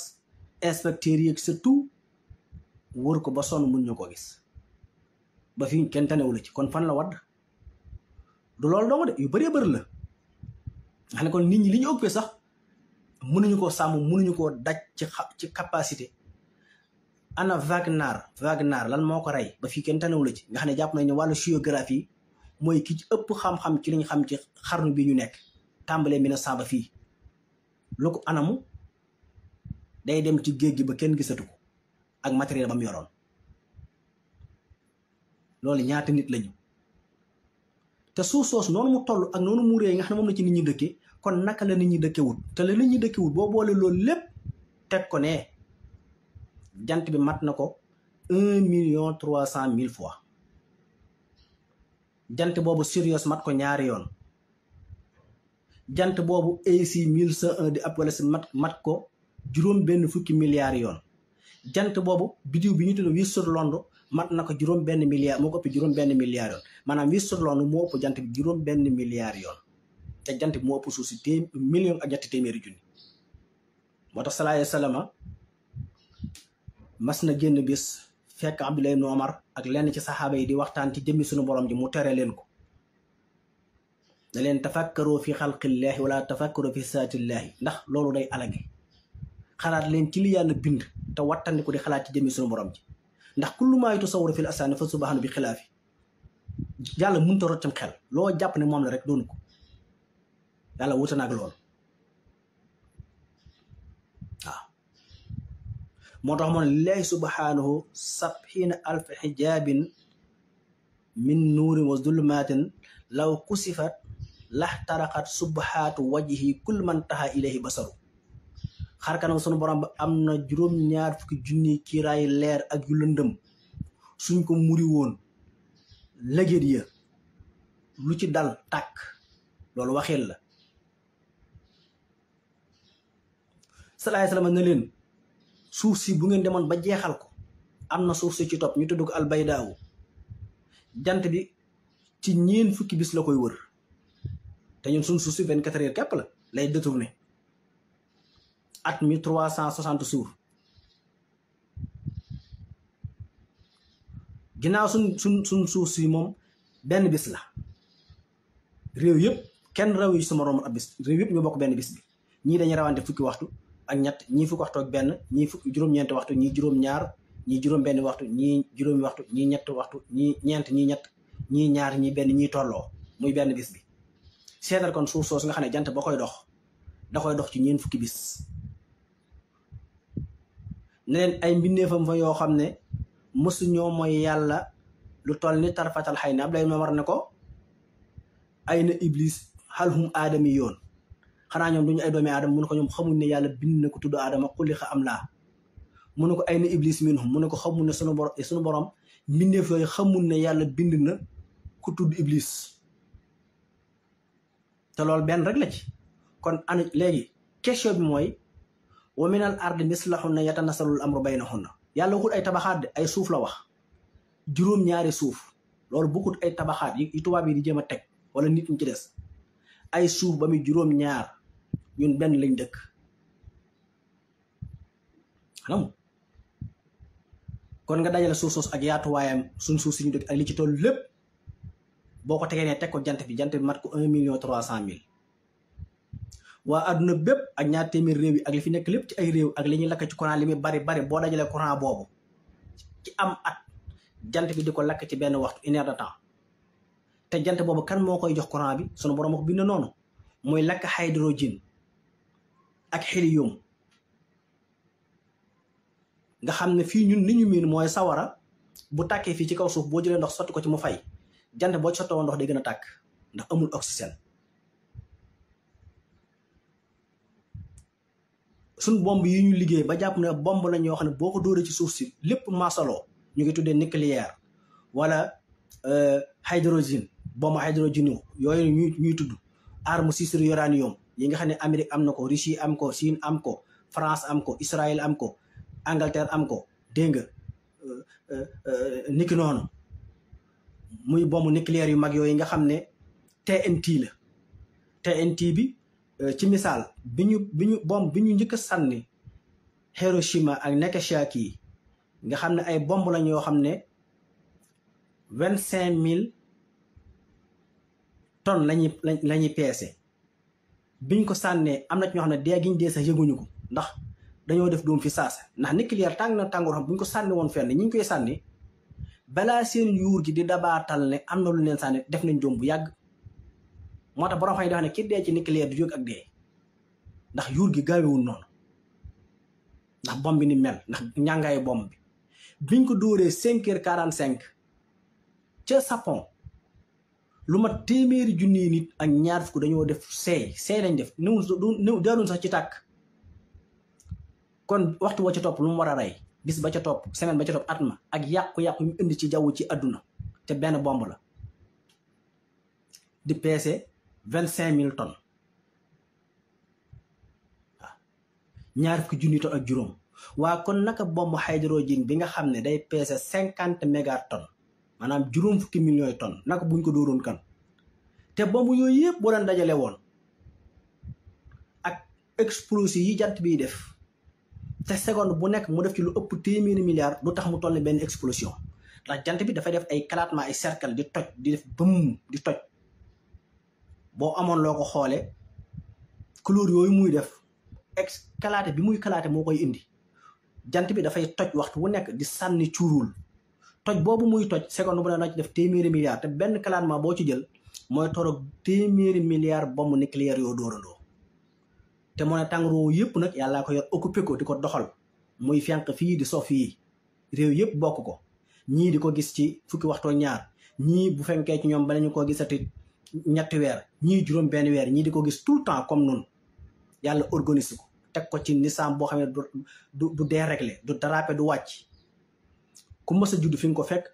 inspecteurs yeeg surtout wër ko ba sonn mun ñu ko gis ba fi kenn tanewu ci kon fan la wadd du loolu dong de yu bëree bëri la xam ne kon nit ñi li ñu ëppee sax mënuñu koo sàmm mënuñu koo daj ci ci capacité naar Wagner Wagner lan moo ko rey ba fii kenn tanewu ci nga xam ne jàpp nañu ne wàllu mooy ki ci ëpp xam-xam ci liñ xam ci xarnu bi ñu nekk tàmbalee mi na sàmba fii lu ko anamu day dem ci géej gi ba kenn gisatu ko ak matériel ba mu yoroon loolu ñaata nit lañu te suuf soosu noonu mu toll ak noonu mu réy nga xam ne moom la ci nit ñi dëkkee kon naka la ni ñi dëkkee wut te la ni ñi dëkkee wut boo boole loolu lépp teg ko ne jant bi mat na ko un million trois cent mille fois jant boobu Sirius mat ko ñaari yoon jant boobu AC mille cent si mat ko juróom benn fukki milliards yoon jant boobu bidiw bi ñu tudd huit sur mat na ko juróom benn milliard moo ko ëpp juróom benn milliards yoon maanaam huit sur moo ëpp jant juróom benn milliards yoon te jant bi moo ëpp suuf million a ñetti téeméeri junni moo tax salaay salama mas na génn bis fekk Abdullah ibn Omar ak lenn ci saxaaba yi di waxtaan ci jëmmi suñu borom ji mu tere leen ko ne leen tafakkaroo fi xalqillaahi wala tafakkaroo fi saatiillaahi ndax loolu day alage xalaat leen ci li yàlla bind te wattandi di xalaat ci jëmee suñu borom ji ndax kullu maa yatasawwaru fil asaani fa subhaanahu bi xilaafi yàlla mënut a roccam xel loo jàpp ne moom la rek doonu ko yàlla wuute na moo tax moo ne lillahi subhaanahu sabxiina alf xijaabin min nuurin wa zulmaatin law kusifat laxtaraqat subhaatu wajhi kul man taxa ilayhi basaru xar kanam sunu borom ba am na juróom-ñaar fukki junni kiiraayu leer ak yu lëndëm suñ ko muri woon lëgéet lu ci dal tàkk loolu waxin la salaay salaam ne leen suuf si bu ngeen demoon ba jeexal ko am na suuf si ci topp ñu tudd ko albaydaawu jant bi ci ñeen fukki bis la koy wër te ñun suñ suuf si vingt-quatre la lay détourné at mi 360 jours sun sun sun sun suuf si mom ben bis la réew yëpp kenn rawi su moroom ab bis rew yëpp ñu bok ben bis bi ñi dañu rawante fukki waxtu ak ñatt ñi fukki waxtu ak ben ñi fukki juroom ñent waxtu ñi juroom ñaar ñi juroom ben waxtu ñi juroom waxtu ñi ñett waxtu ñi ñent ñi ñett ñi ñaar ñi ben ñi tolloo muy ben bis bi sédal kon sou soosu nga xane jant ba koy dox da koy dox ci ñeen fukki bis ne leen ay mbindeefam fa yoo xam ne mësu ñoo mooy yàlla lu toll ni tarfatal xay na Abdoulaye Momar ne ko ay na iblis xal hum aadami yoon xanaa ñoom duñu ay doomi aadama mu ko ñoom xamuñ ne yàlla bind na ko tudd aadama xulli am laa mu ne ko ay na iblis minhum mu ne ko xamuñ ne sunu borom sunu borom mbindeef yooyu xamuñ ne yàlla bind na ku tudd iblis te loolu benn rek la ci kon an léegi question bi mooy woo la na minal ardi mislahunna yatanasalul amru baynahunna yàlla waxut ay tabaxaat de ay suuf la wax juróom-ñaari suuf loolu bokkut ay tabaxaat yi tubaab yi di jëm a teg wala nit ñu ci des ay suuf ba muy juróom-ñaar ñun benn lañ dëkk kon nga dajale suuf soosu ak yaatuwaayam suñ suuf si ñu dëkk ay li ci toll lépp boo ko tegee ne teg ko jant bi jant bi mat ko un million trois cent mille waa adduna bépp ak ñaar téeméer réew yi ak li fi nekk lépp ci ay réew ak li ñuy lakk ci courant li muy bari bari boo dajalee courant boobu ci am at jant bi di ko lakk ci benn waxtu une heure temps te jant boobu kan moo koy jox courant bi sunu borom bi bind noonu mooy lakk hydrogène ak hélium nga xam ne fii ñun ni ñu miin mooy sawara bu tàkkee fii ci kaw suuf boo jëlee ndox sotti ko ci mu fay jant boo ci sottoo ndox day gën a tàkk ndax amul oxygène suñ bomb yi ñu liggéey ba jàpp ne bomb la ñoo xam ne boo ko dóoree ci suuf si lépp masaloo ñu ngi tuddee nucléaire wala euh, hydrogène bomb hydrogène yooyu ñu ñuy tudd arme sur uranium yi nga xam ne Amérique am na ko Russie am ko Chine am ko France am ko Israël am ko Angleterre am ko dégg nga euh, euh, niki noonu muy bomb nucléaire yu mag yooyu nga xam ne TNT la TNT bi Euh, ci misaal bi ñu bi bomb bi ñu njëkk a sànni Hiroshima ak Nagasaki yi nga xam ne ay bomb lañ yoo xam ne vingt cinq mille tonnes lañuy la ñuy peese biñ ko sànnee am na ci ñoo ne dee giñ dee sax yëguñu ko ndax dañoo def doom fi saasa ndax nucléaire tàng na tàngoor xam bu ñu ko sànni woon fenn ñi ñu koy sànni balaa seen yuur gi di dabaatal ne am na lu leen sànni def nañ doom bu yàgg moo tax borom xam yi ki dee ci nucléaire du ak dee ndax yuur gi gaawewul noonu ndax bomb bi ni mel ndax ñàngaayu bomb bi biñ ko dóoree cinq heures quarante cinq ca sapon lu mat téeméeri junni nit ak ñaar fukk dañoo def seey seey lañ def néew néew sax ci tàkk kon waxtu wa ca topp lu mu war a rey bis ba ca topp semaine ba ca topp at ma ak yàqu-yàqu ñu indi ci jaww ci àdduna te benn bomb la di peese vingt cinq mille tonnes waaw ñaar fukki ak juróom waa kon naka bomb hydrogène bi nga xam ne day peese cinquante mégatonnes maanaam juróom fukki millions yi tonnes naka buñ ko dóoroon kan te bomb yooyu yëpp boo leen dajale woon ak explosifs yi jant biy def te seconde bu nekk mu def ci lu ëpp téeméeri milliards lu tax mu toll benn explosion ndax jant bi dafay def ay éclatement ay cercle di toj di def bëm di toj boo amoon loo ko xoolee couleur yooyu muy def excalaté bi muy kalaate moo koy indi jant bi dafay toj waxtu wu nekk di sànni cuurul toj boobu muy toj seconde bu ne na ci def téeméeri milliards te benn kalatement boo ci jël mooy toroog téeméeri milliards bombe nucléaire yoo doorandoo te moo ne tàngoor yëpp nag yàllaa ko yor occupé ko di ko doxal muy fenq fii di sof yi réew yëpp bokk ko ñii di ko gis ci fukki waxtoo ñaar ñii bu fenkee ci ñoom ba nañu koo gisatit ñetti weer ñii juróom benn weer ñii di ko gis tout le temps comme noonu yàlla organise ko teg ko ci nisaam boo xam ne du du déréglé du dérapé du wàcc ku mës a judd fi nga ko fekk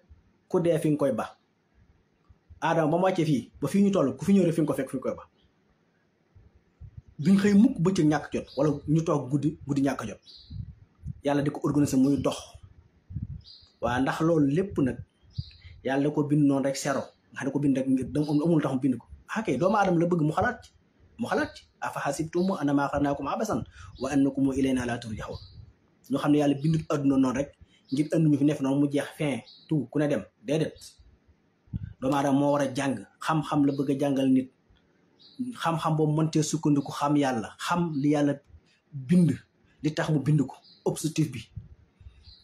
ku dee fi nga koy ba aadama ba wàccee fii ba fii ñu toll ku fi ñëwee fi nga ko fekk fi nga koy ba duñ xëy mukk bëccëg ñàkk jot wala ñu toog guddi guddi ñàkk jot yàlla di ko organiser muy dox waa ndax loolu lépp nag yàlla da ko bind noonu rek sero nga ne ko bind rek ngir da amul tax mu bind ko ah kay doomu aadama la bëgg mu xalaat ci mu xalaat ci afa hasibtum annama xalaqnaakum abasan wa annakum ilaynaa laa turjaxuun ñu xam ne yàlla bindut adduna noonu rek ngir ënd ñu fi nekk noonu mu jeex fin tu ku ne dem déedéet doomu aadama moo war a jàng xam-xam la bëgg jàngal nit xam-xam boobu mëntee sukkandiku xam yàlla xam li yàlla bind li tax mu bind ko objectif bi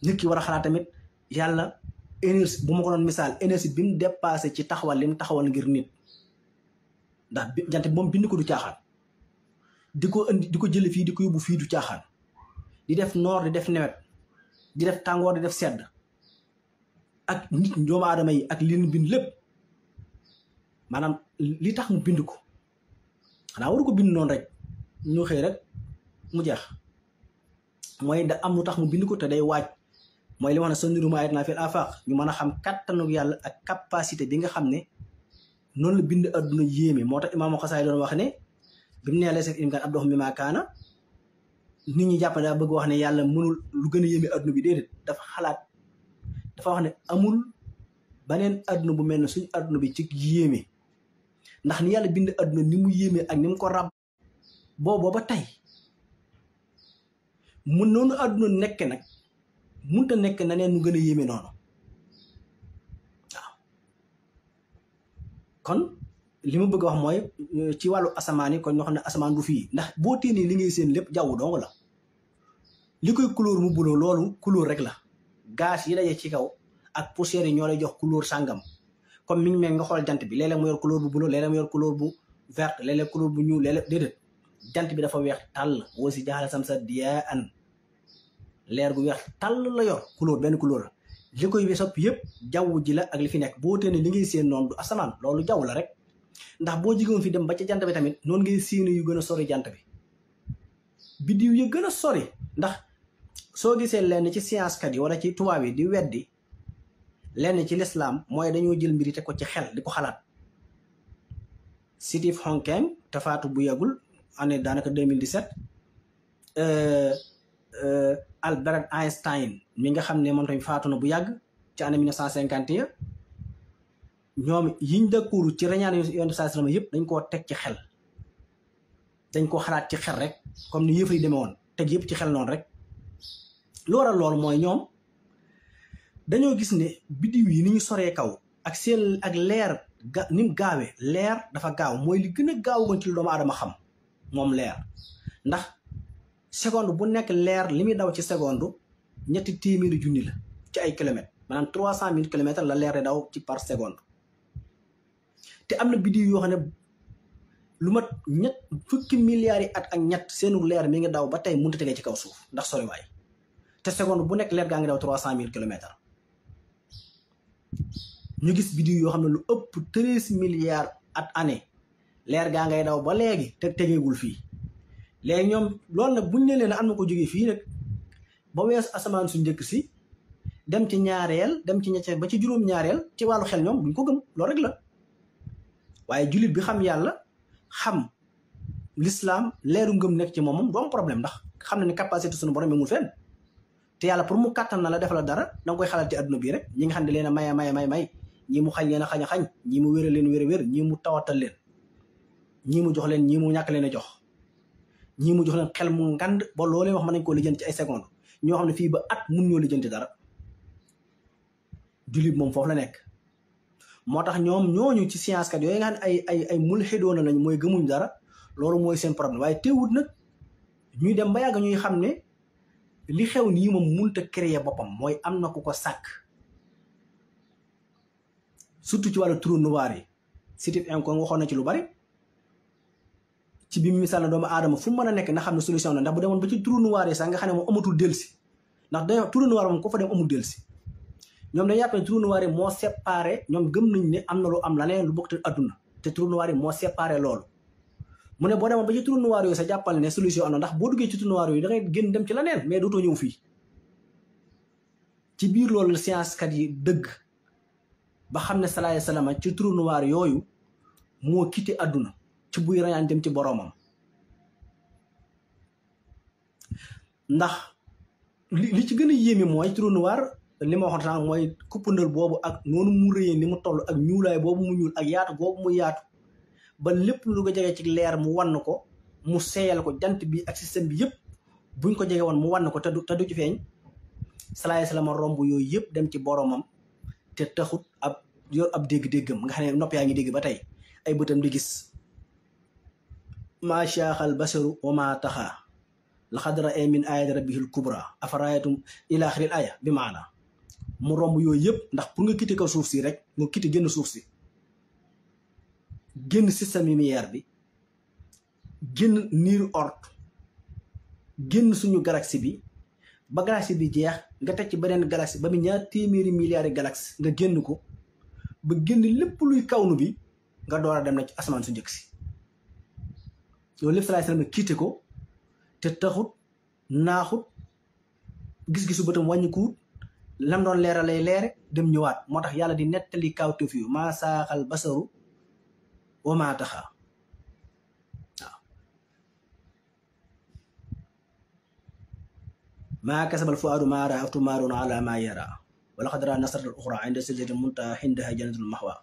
nit war a xalaat yàlla énergie bu ma ko doon misaal énergie bi mu dépassé ci taxawal li mu taxawal ngir nit ndax jant moom bind ko du caaxaan di ko indi di ko jële fii di ko yóbbu fii du caaxaan di def noor di def nawet di def tàngoor di def sedd ak nit doomu aadama yi ak li ñu bind lépp maanaam li tax mu bind ko xanaa waru ko bind noon rek ñu xëy rek mu jeex mooy da am lu tax mu bind ko te day waaj mooy li wax ne sa niru ma ayat naa fil afaq ñu mën a xam kattanu yàlla ak capacité bi nga xam ne noonu bind adduna yéeme moo tax imaamu xasaay doon wax ne bi mu nee laysa fil imkaan abdohum mimmaa kaana nit ñi wax ne yàlla mënul lu gën a yéeme adduna bi déedéet dafa xalaat dafa wax ne amul baneen adduna bu mel ne suñu adduna bi ci yéeme ndax ni yàlla bind adduna ni mu yéeme ak ni mu ko rab boobu ba tey mu noonu adduna nekk nag munta nekk na neen nu gën a yéeme kon li ma bëgg wax moy euh, ci walu asamaan kon ñox na ne asamaan du fi ndax bo téni li ngay seen lepp jaww dong la likoy couleur mu bulo lolu couleur rek la gaz yi daje ci kaw ak poussière ñoo lay jox couleur sangam comme miñ me nga xol jant bi lélé mu yor couleur bu bulo lélé léeg mu yor couleur bu vert. lélé couleur bu ñuul lélé dedet jant bi dafa tal si jaaxal sam sa an leer gu weex tàll la yor couleur benn couleur la jikko yi sopp yëpp jaww ji la ak li fi nekk boo tee li ngay seen noonu asamaan loolu jaww la rek ndax boo jigéen fi dem ba ca jant bi tamit noonu ngay séenu yu gën a sori jant bi biddiw yu gën a sori ndax soo gisee lenn ci science kat yi wala ci tubaab yi di weddi lenn ci lislaam mooy dañoo jël mbiri te ko ci xel di ko xalaat Steve Hawking te faatu bu yàggul année daanaka 2017 Euh, Albert Einstein mi nga xam ne moom tamit faatu na bu yàgg ci année mille neuf cent cinquante et un ñoom yiñ dëkkuuru ci reñaan yonent bi saa sallam yëpp dañ koo teg ci xel dañ ko xalaat ci xel rek comme ni yëf yi demee woon teg yëpp ci xel noonu rek lu waral loolu mooy ñoom dañoo gis ne biddiw yi ni ñu soree kaw ak seen ak leer ga gaawe leer dafa gaaw mooy li gën a gaaw woon ci lu doomu aadama xam moom leer ndax seconde bu nekk leer li muy daw ci seconde ñetti téeméeri junni la ci ay kilomètres maanaam trois cent mille kilomètres la leer di daw ci par seconde te am na biddi yoo xam ne lu mat ñett fukki milliards yi at ak ñett seenu leer mi ngi daw ba tey mun a tegee ci kaw suuf ndax soriwaay te seconde bu nekk leer gaa ngi daw trois cent mille kilomètres ñu gis biddiw yoo xam ne lu ëpp treize milliards at année leer gaa ngay daw ba léegi te tegeegul fii léegi ñoom loolu nag buñ ne leen am na ko jógee fii nag ba wees asamaan suñ njëkk si dem ci ñaareel dem ci ñetteel ba ci juróom-ñaareel ci wàllu xel ñoom buñ ko gëm lool rek la waaye jullit bi xam yàlla xam l'islam leeru ngëm nekk ci moom du am problème ndax xam na ne capacité suñu borom yi mu fenn te yàlla pour mu kàttan na la defal dara da koy xalaat ci adduna bii rek ñi nga xam ne leen a may may may may ñii mu xañ leen a xañ a xañ ñii mu wéra leen wéra wér ñii mu tawatal leen ñii mu jox leen ñii mu ñàkk leen a jox ñi mu jox leen xel mu ngand ba loolee wax mën nañ koo lijjanti ci ay seconde ñoo xam ne fii ba at mun ñoo lijjanti dara julib moom foofu la nekk moo tax ñoom ñooñu ci science kat yooyu nga ay ay ay mulxidoona lañ mooy gëmuñ dara loolu mooy seen problème waaye teewut nag ñuy dem ba yàgg ñuy xam ne li xew nii moom munta créer boppam mooy am na ku ko sàkk surtout ci wàllu trou noir yi sitif inko waxoon na ci lu bari ci bi misaal na doomu aadama fu mu mën a nekk na xam ne solution la ndax bu demoon ba ci trou noir yi sax nga xam ne moom amatul delsi da trou ko fa dem amul delsi ñoom dañu yàpp ne trou noir moo séparé ñoom gëm nañ ne am na lu lu bokk te te trou noir moo séparé loolu mu ne boo demoon ba ci trou noir yooyu sa jàppal ne solution am ndax boo duggee ci trou noir yooyu da dem ci leneen mais dootoo ñëw fii ci biir loolu science kat yi dëgg ba xam ne salaay salaama ci trou noir yooyu moo quitté adduna ci buy rayaan dem ci boroomam ndax li li ci gën a yéeme mooy trou noir li ma waxoon sànq mooy kuppandal boobu ak noonu mu rëyee ni mu toll ak ñuulaay boobu mu ñuul ak yaatu boobu mu yaatu ba lépp lu ko jege ci leer mu wann ko mu seeyal ko jant bi ak système bi yëpp buñ ko jege woon mu wann ko te du te du feeñ salaay salaama romb yooyu yëpp dem ci boroomam te taxut ab yor ab dégg-déggam nga xam ne nopp yaa ngi dégg ba tey ay bëtam di gis ma shaaxal basaru wa ma taxaa laxad ra e min ayati rabbihil kubra afarayatum ila axiril aya bi maana mu romb yooyu yëpp ndax pour nga kiti ko suuf si rek nga kiti génn suuf si génn sa lumière bi génn niir orte génn suñu galaxie bi ba galaxie bi jeex nga teg ci beneen galaxie ba mu ñaar téeméeri milliards galaxie nga génn ko ba génn lépp luy kawnu bi nga door dem na ci asamaan su njëkk si يقول صلى الله عليه وسلم كيتكو تتخوت ناخوت غيس غيسو بتم واغنيكو لام دون ليرالاي لير ديم نيوات موتاخ يالا دي نيتالي كاوتو فيو ما ساخال بصرو وما كسب الفؤاد ما راى مار على ما يرى ولقد راى النصر الاخرى عند سيده المنتهى عندها جنة المحوى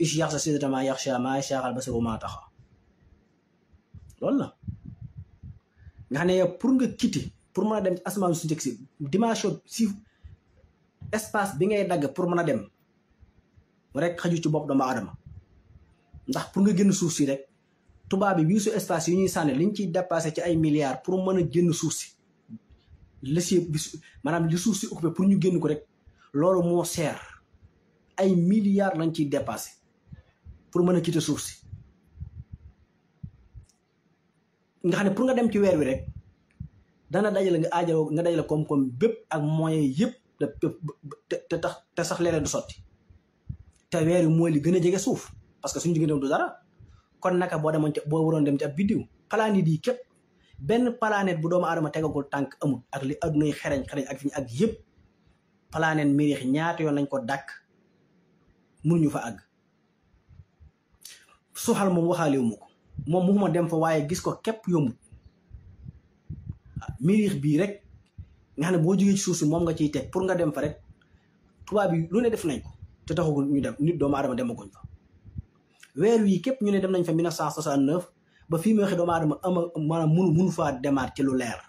ايش يخشى سيده ما يخشى ما يشاغل بصره وما تخا loolu la nga xam ne yow pour nga quitter pour mën dem ci asamaan su njëkk si dimension si espace bi ngay dagg pour mën a dem rek xaju ci bopp doomu aadama ndax pour nga génn suuf si rek tubaab bi bii su espace yi ñuy sànni liñ ciy dépassé ci ay milliards pour mën a génn suuf si li si maanaam li suuf si occupé pour ñu génn ko rek loolu moo seer ay milliards lañ ci dépassé pour mën a quitter suuf si nga xam ne pour nga dem ci weer wi rek dana dajale nga aajawoo nga dajale koom-koom bépp ak moyens yëpp te te tax sax léeg-léeg du sotti te weer wi mooy li gën a jege suuf parce que suñu diggante du dara kon naka boo demoon ca boo waroon dem ci ab biddiw planète yi képp benn planète bu doomu aadama tegagul tànk amul ak li addunay xereñ xereñ ak fi ak yëpp palaaneet miriix ñaata yoon lañ ko dàkk mënuñu fa àgg suxal moom waxaale wu ko moom muxuma dem fa waaye gis ko képp yombut miriix bii rek nga ne boo jógee ci suuf si moom nga ciy teg pour nga dem fa tubaab bi lu def nañ ko te taxul ñu dem nit doomu aadama demaguñ fa weeru yi képp ñu ne dem nañ fa 1969 ba fii mu waxee doomu aadama ama maanaam munu munu faa demaat ci lu leer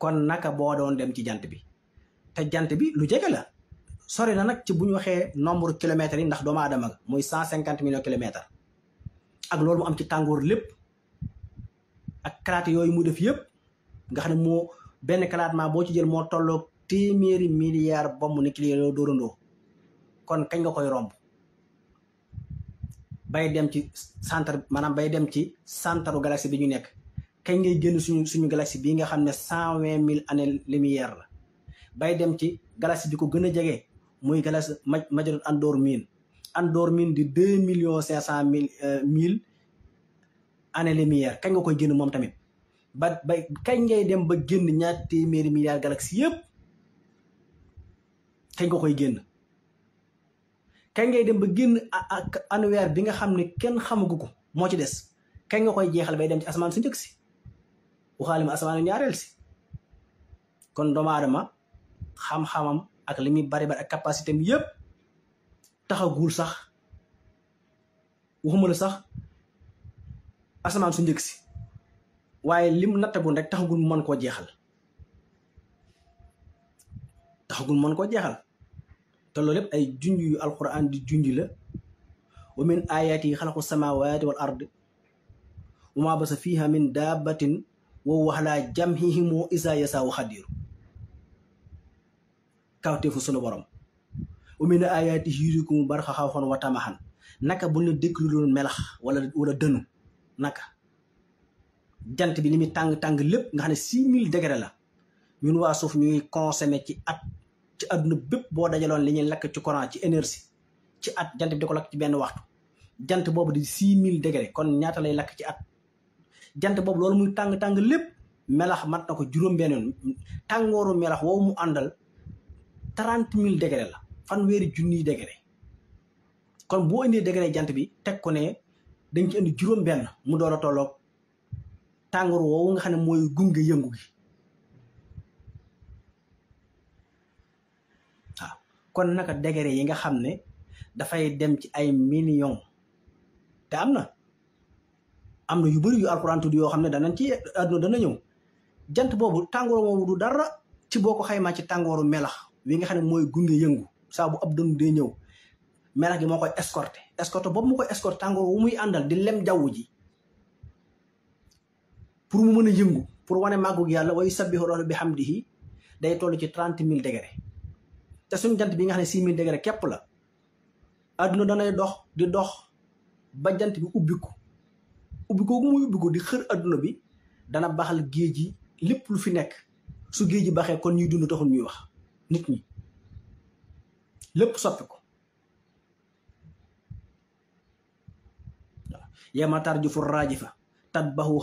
kon naka boo doon dem ci jant bi te jant bi lu jege la sori na nag ci bu ñu waxee nombre kilomètres yi ndax doomu aadama muy cent cinquante millions kilomètres ak loolu mu am ci tàngoor lépp ak kalaate yooyu mu def yëpp nga xam ne moo benn kalaatement boo ci jël moo tolloog téeméeri milliards bomb nucléaire yoo dóorandoo kon kañ nga koy romb bay dem ci centre maanaam bay dem ci centre galaxie bi ñu nekk kañ ngay génn suñu suñu galaxie bii nga xam ne cent vingt mille années lumière la bay dem ci galaxie bi ko gën a jege muy que la majorité andoor mine andoor di deux millions cinq cent mille euh, mille année lumière kañ nga koy génn moom tamit ba ba kañ ngay dem ba génn ñaar téeméeri milliards si yëpp kañ nga koy génn kañ ngay dem ba génn ak bi nga xam ne kenn xamagu ko moo ci des kañ nga koy jeexal bay dem ci asamaan su njëkk si waxaale ma asamaan ñaareel si kon doomu xam-xamam ak li muy bari bari ak capacité am yëpp taxagul sax waxuma la sax asamaan su njëkk si waaye lim nattagul rek taxagul mu mën koo jeexal taxagul mën koo jeexal te loolu ay junj yu alquran di junj la wa min ayaati xalaqu samawati wal ard wa ma basa fiha min dabatin wa waxlaa jamhihim wa isa yasa wa kawteefu sunu borom umina ayaati yurikum barxa xawxoon wa tamaxan naka bu la déglu melax wala wala dënu naka jant bi ni muy tàng-tàng lépp nga xam ne six mille degré la ñun waa suuf ñuy consommer ci at ci adduna bépp boo dajaloon li ñuy lakk ci courant ci énergie ci at jant bi di ko lakk ci benn waxtu jant boobu di six mille degré kon ñaata lay lakk ci at jant boobu loolu mu tàng-tàng lépp melax mat na ko juróom benn tàngooru melax woowu mu àndal trente mille degré la fan fanweeri junniy degré kon boo indee degré jant bi teg ko ne dañ ci indi juróom mu door a tolloog tàngoor woowu nga xam ne mooy gunge yëngu gi waaw kon naka degré yi nga xam ne dafay dem ci ay millions te am na am na yu bëri yu yoo xam ne danañ ci àdduna dana ñëw jant boobu tàngoor woowu du dara ci boo ko xaymaa ci tàngooru melax wi nga xamne moy gundé gunge yëngu saa bu ab dëng dé ñëw melax gi moo koy escorté escorté boobu mu koy escorté tango wu muy andal di lem jawu ji pour mu mëna a yëngu pour wane màggug yalla way sabbihu rabbi bihamdihi day tollu ci 30000 degré te jant bi nga xamne 6000 degré képp la aduna dox di dox ba jant bi ubbiku ubbiku gu muy ubbiku di xër aduna bi dana baxal geejji lepp lu fi nek su geejji baxé kon ñuy dund taxul ñuy wax nit ñi lepp soppi ko yamatar ya jufu rajifa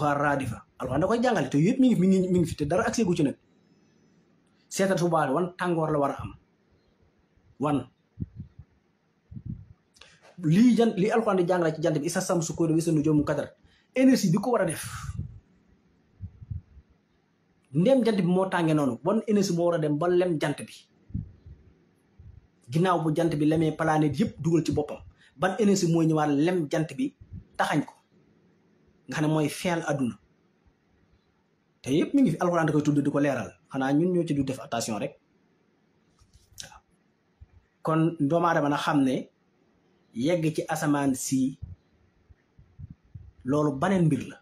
ha radifa alquran da koy jangal te yeb mi ngi mi ngi fi te dara ak segu ci nak su wan tangor la wara am wan li jan li alquran di jangal ci jant bi isa sam su ko wi sa nu kadar energie bi ko wara def ndem jant bi moo tàngee noonu bon énergie moo war a dem ba lem jant bi ginnaaw bu jant bi lemee planète yëpp dugal ci boppam ba énergie mooy ñëwaat lem jant bi taxañ ko nga xam ne mooy feel adduna te yëpp mi ngi fi alxuraan koy tudd di ko leeral xanaa ñun ñoo ci du def attention rek waaw kon doomu aadama na xam ne yegg ci asamaan si loolu baneen mbir la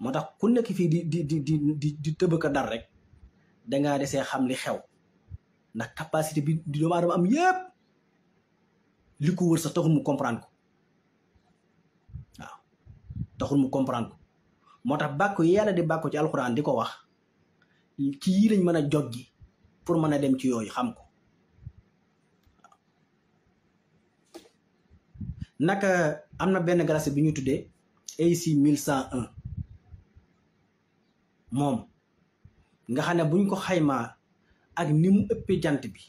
motax ku nek fi di di di di di tëbëka dar rek da nga desee xam li xew ndax capacité bi di do am yépp li ko wër sa taxul mu comprendre ko waaw taxul mu comprendre ko motax tax yalla di bàkku ci alcorane diko wax ci yi lañ mëna joggi pour mëna dem ci yoy xam ko naka amna ben grâce bi ñu tuddé AC 1101 moom nga xane buñ ko xayma ak nimu uppe jant bi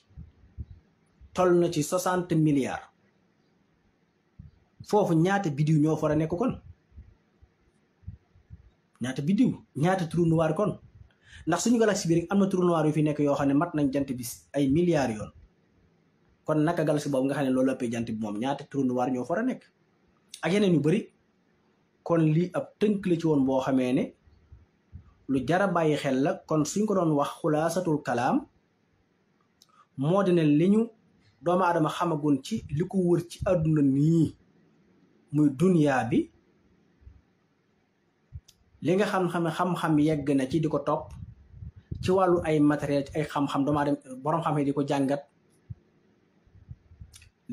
toll na ci 60 milliards fofu ñaata biddiw ñoo ra nek kon ñaata bidiw ñaata trou noir kon ndax suñu galaxy bi rek amna na noir yu fi nek yo xane mat nañ jant bi ay milliards yoon kon naka galaxy boobu nga xane ne loolu ëppee jant bi moom ñaata trou noir ñoo ra nek ak yeneen yu bari kon li ab teunk la ci won bo ne lu jara bàyyi xel la kon suñ ko doon wax xulaasatul kalaam moo de ne li ñu doomu ci li ko ci àdduna nii muy duniyaa bi li nga xam-xam xam yegg na ci di ko topp ci wàllu ay matériel ay xam-xam doomu boroom xam-xam di ko jàngat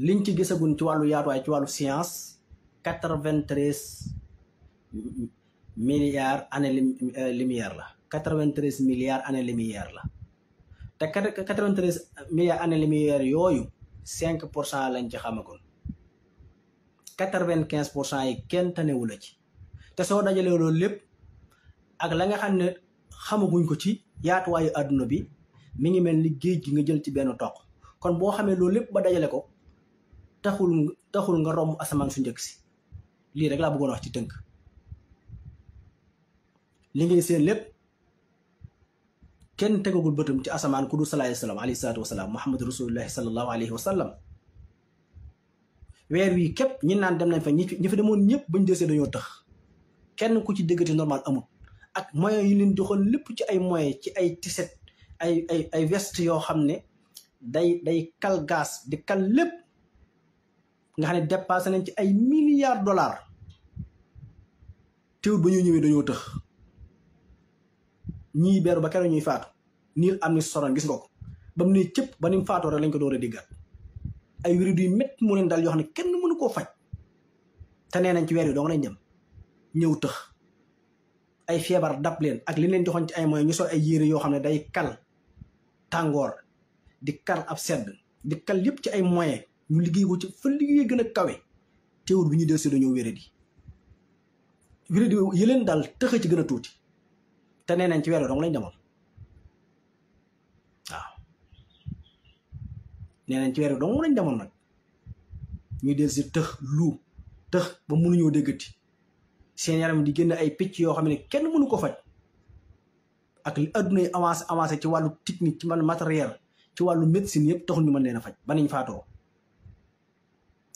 liñ ci gisagun ci wàllu yaatuwaay ci wàllu science quatre-vingt-treize milliards année euh, lumière la quatre-vingt-treize milliards année la te quatre-vingt-treize milliards année lumière yooyu cinq pour cent lañ ci xamagoon quatre-vingt-quinze pour cent yi kenn tanewu la ci te soo dajalee loolu lépp ak la nga xam ne xamaguñ ko ci yaatuwaayu àdduna bi mi ngi mel ni géej gi nga jël ci benn toq kon boo xamee loolu lépp ba dajale ko taxul taxul nga romb asamaan su njëkk si lii rek laa buggoon wax ci tënk li ngay seen lépp kenn tegagul bëtam ci asamaan ku du salaay salaam alayhi salaatu wasalaam muhammadu rasulullahi salallahu alayhi weer wii képp ñi naan dem nañ fa ñi ñi fi demoon ñëpp bañ desee dañoo tax kenn ku ci déggati normal amul ak moyens yu leen joxoon lépp ci ay moyens ci ay tiset ay ay ay yoo xam ne day day kal gaz di kal lépp nga xam ne dépassé nañ ci ay milliards dollars teewul ba ñu ñëwee dañoo tëx ñii beeru ba keroog ñuy faatu nii am ni soron gis nga ko ba mu ne ba ni mu faatoo rek lañ ko door a diggaat ay wéri duy mett mu leen daal yoo ne kenn mënu koo faj te nee nañ ci weer yi dong lañ dem ñëw tëx ay feebar dab leen ak li leen joxoñ ci ay moyens ñu sol ay yére yoo xam ne day kal tàngoor di kal ab sedd di kal yépp ci ay moyen ñu liggéey ko ci fa liggéey gën a kawe teewul bi ñuy del si dañoo wéré di wéré di yëleen daal tëx ci gën a tuuti te nanti nañ ci weeru dong lañ demoon waaw nee nañ ci weeru dong lañ demoon nag ñuy del si tëx lu tëx ba mënuñoo déggati seen yaram di génn ay picc yoo xam ne kenn mënu ko faj ak li adduna yi avancé avancé ci wàllu technique ci wàllu matériel ci wàllu médecine yëpp taxul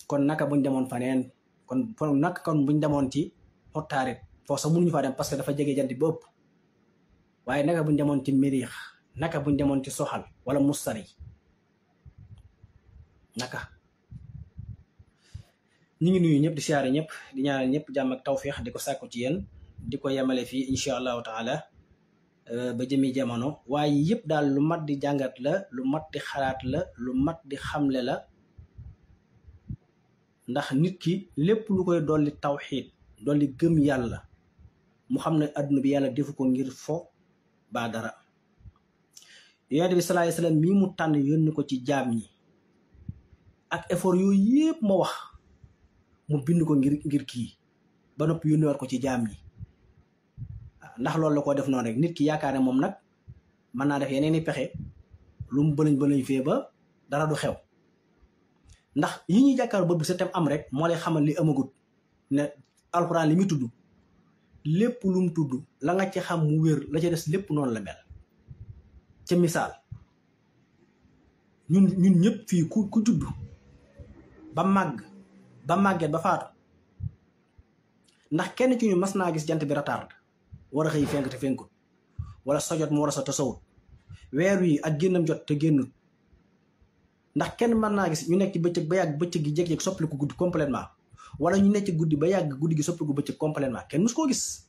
kon nak buñ demoon kon kon kon buñ demoon ci xottaarit foo sax mënuñu faa dem parce que dafa waaye naka buñ demoon ci miriix naka buñ demoon ci soxal wala mustari naka ñu ngi nuyu ñëpp di siyaare ñëpp di ñaanal ñëpp jàmm ak tawféex di ko sàkku ci yéen di ko yemale fii incha allahu taala euh, ba jëmmi jamono waaye yëpp daal lu mat di jàngat la lu mat di xalaat la lu mat di xamle la ndax nit ki lépp lu koy dolli tawxiid dolli gëm yàlla mu xam ne àdduna bi yàlla defu ko ngir fo Badara. dara ya, yonente bi sallallahu alayhi wasallam mi mu tan yónni ko ci jam ñi ak effort yooyu yépp ma wax mu bind ko ngir ngir ki ba noppi yónni war ko ci jam ñi ndax lolou lako ko def non rek nit ki yakare mom nak man na def yeneeni pexé lu mu bëlañ bëlañ fe ba dara du xew ndax yi ñuy jàkkaaru bu setam am rek mo lay xamal li amagut ne li lépp lu mu tudd la nga ci xam mu wér la ca des lépp noonu la mel ca misaal ñun ñun ñëpp fii ku ku judd ba màgg ba màgget ba faatu ndax kenn ci ñu mas naa gis jant bi retard war a xëy fenk te fenkut wala sojot moo war a sa tasawut weer wi ak génnam jot te génnut ndax kenn mën naa gis ñu nekk ci bëccëg ba yàgg bëccëg gi jékki-jékki soppali ko gudd completement wala ñu nekk guddi ba yàgg guddi gi soppiku bëccëg complètement kenn mus koo gis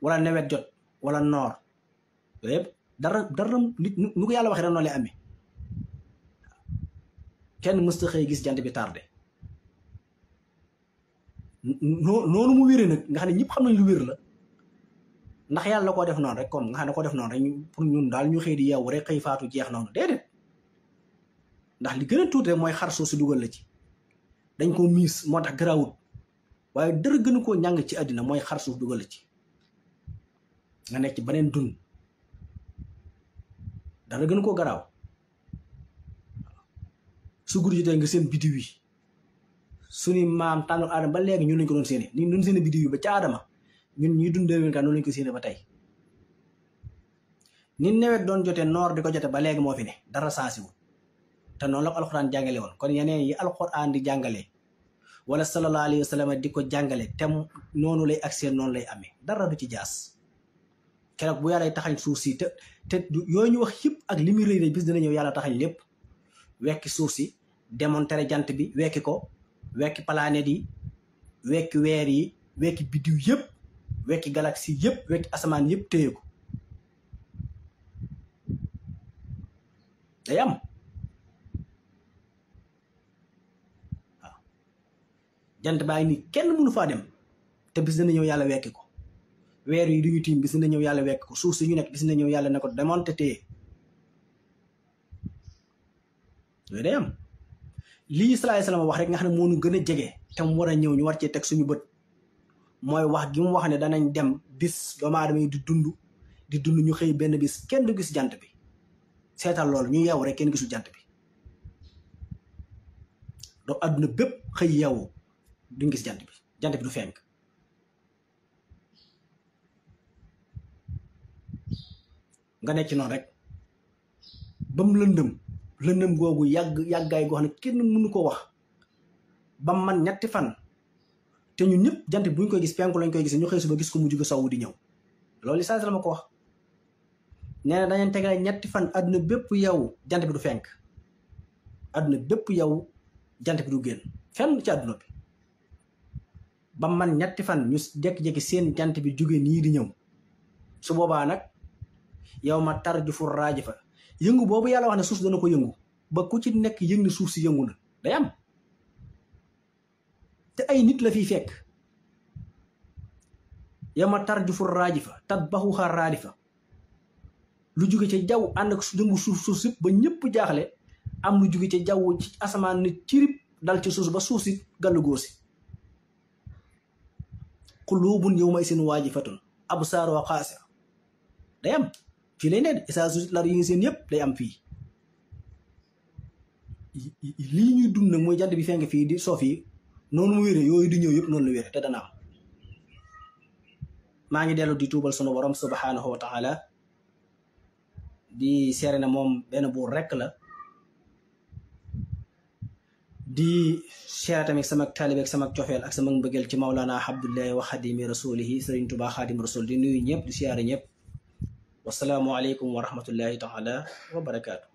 wala nawet jot wala noor yooyu dara dara nit ñu yàlla waxee ren noonu lay amee kenn mësta xëy gis jant bi tardé noonu mu wéree nag nga xam ne ñëpp xam nañ lu wér la ndax yàlla la koo def noonu rek comme nga xam ne ko def noonu rek pour ñu daal ñu xëy di yeewu rek xëy faatu jeex noonu déedéet ndax li gën a mooy xar soo si dugal la ci dañ ko miis motax grawul waye deur gën ko ñang ci adina moy xar suuf dugal ci nga nekk ci benen dund dara gën ko graw su gur jotee nga seen bidiw yi suni maam tanu adam ba léegi ñu lañ ko doon seen ni ñu seen bidiw yi ba ci aadama ñun ñi dund dewen ka ñu lañ ko seen ba tay ni newet doon jotté nord diko jotté ba mo fi ne dara wu te non la jangale won kon yeneen yi alxuraan di jangale wala sallallahu alayhi wa sallam di ko jàngale te noonu lay accès noonu lay amee dara du ci jaas keroog bu yàlla taxañ suuf si te te yooyu ñu wax yëpp ak li bis dina ñëw yàlla taxañ lépp wekki suuf si démonter jant bi wekki ko wekki planète yi wekki weer yi wekki biddiw yëpp wekki galaxie yëpp wekki asamaan yëpp téye ko day am jant bay ni kenn mënu fa dem te bis dina ñew yalla wéké ko wér yi duñu tiim bis dina ñew yalla wéké ko suusu ñu nek bis dina ñew yalla nako ko té te téye li day am lii wax rek nga mo ñu gëna jégé jege mo wara ñew ñu war ci tek suñu bëtt moy wax gi mu wax ne danañ dem bis do ma yi di dund di dund ñu xey benn bis kenn du gis jant bi sétal lool ñu yeewu rek kenn gisul jant bi do aduna bëpp xey duñ gis jant bi jant bi du fenk nga nekk ci noonu rek bam lëndëm lëndëm googu yàgg yàggaay goo xam kenn mënu ko wax bam man ñetti fan te ñun ñëpp jant bi buñ koy gis penku lañ koy gis ñu xëy suba gis ko mu jóge sowu di ñëw loolu saa la ma ko wax nee na dañu tegale ñetti fan àdduna bépp yow jant bi du fenk àdduna bépp yow jant bi du génn fenn ci àdduna bi ba man ñetti fan ñu jékki-jékki seen jant bi jóge nii di ñëw su boobaa nag yow ma tar ju fu raaj fa yëngu boobu yàlla wax ne suuf dana ko yëngu ba ku ci nekk yëng ni suuf si yëngu na day te ay nit la fiy fekk yow ma tar ju fu raaj fa tat baxuxa raadi fa lu jóge ca jaww ànd ak yëngu suuf suuf si ba ñëpp jaaxle am lu jóge ci jaww ci asamaan nit cirib dal ci suuf ba suuf si gàllugóo si quluubun yawma isin waajifatun absaaruhaa xaasi'a day am fii lay ne isaa su lar yi ngi seen yëpp day am fii lii ñuy dund nag mooy jant bi fenk fii di soof yi noonu mu wéree yooyu di ñëw yëpp noonu la wéree te dana maa ngi dellu di tuubal sunu borom subhaanahu wa di seere na moom benn buur rekk la di siyaare yang sama taalibe ak sama cofeel ak sama mbëggeel ci mawlaana abdullahi wa rasulhi sering sëriñ tuba xaadim rasul di nuyu di siyaare ñëpp wasalaamualeykum wa taala wa barakatuh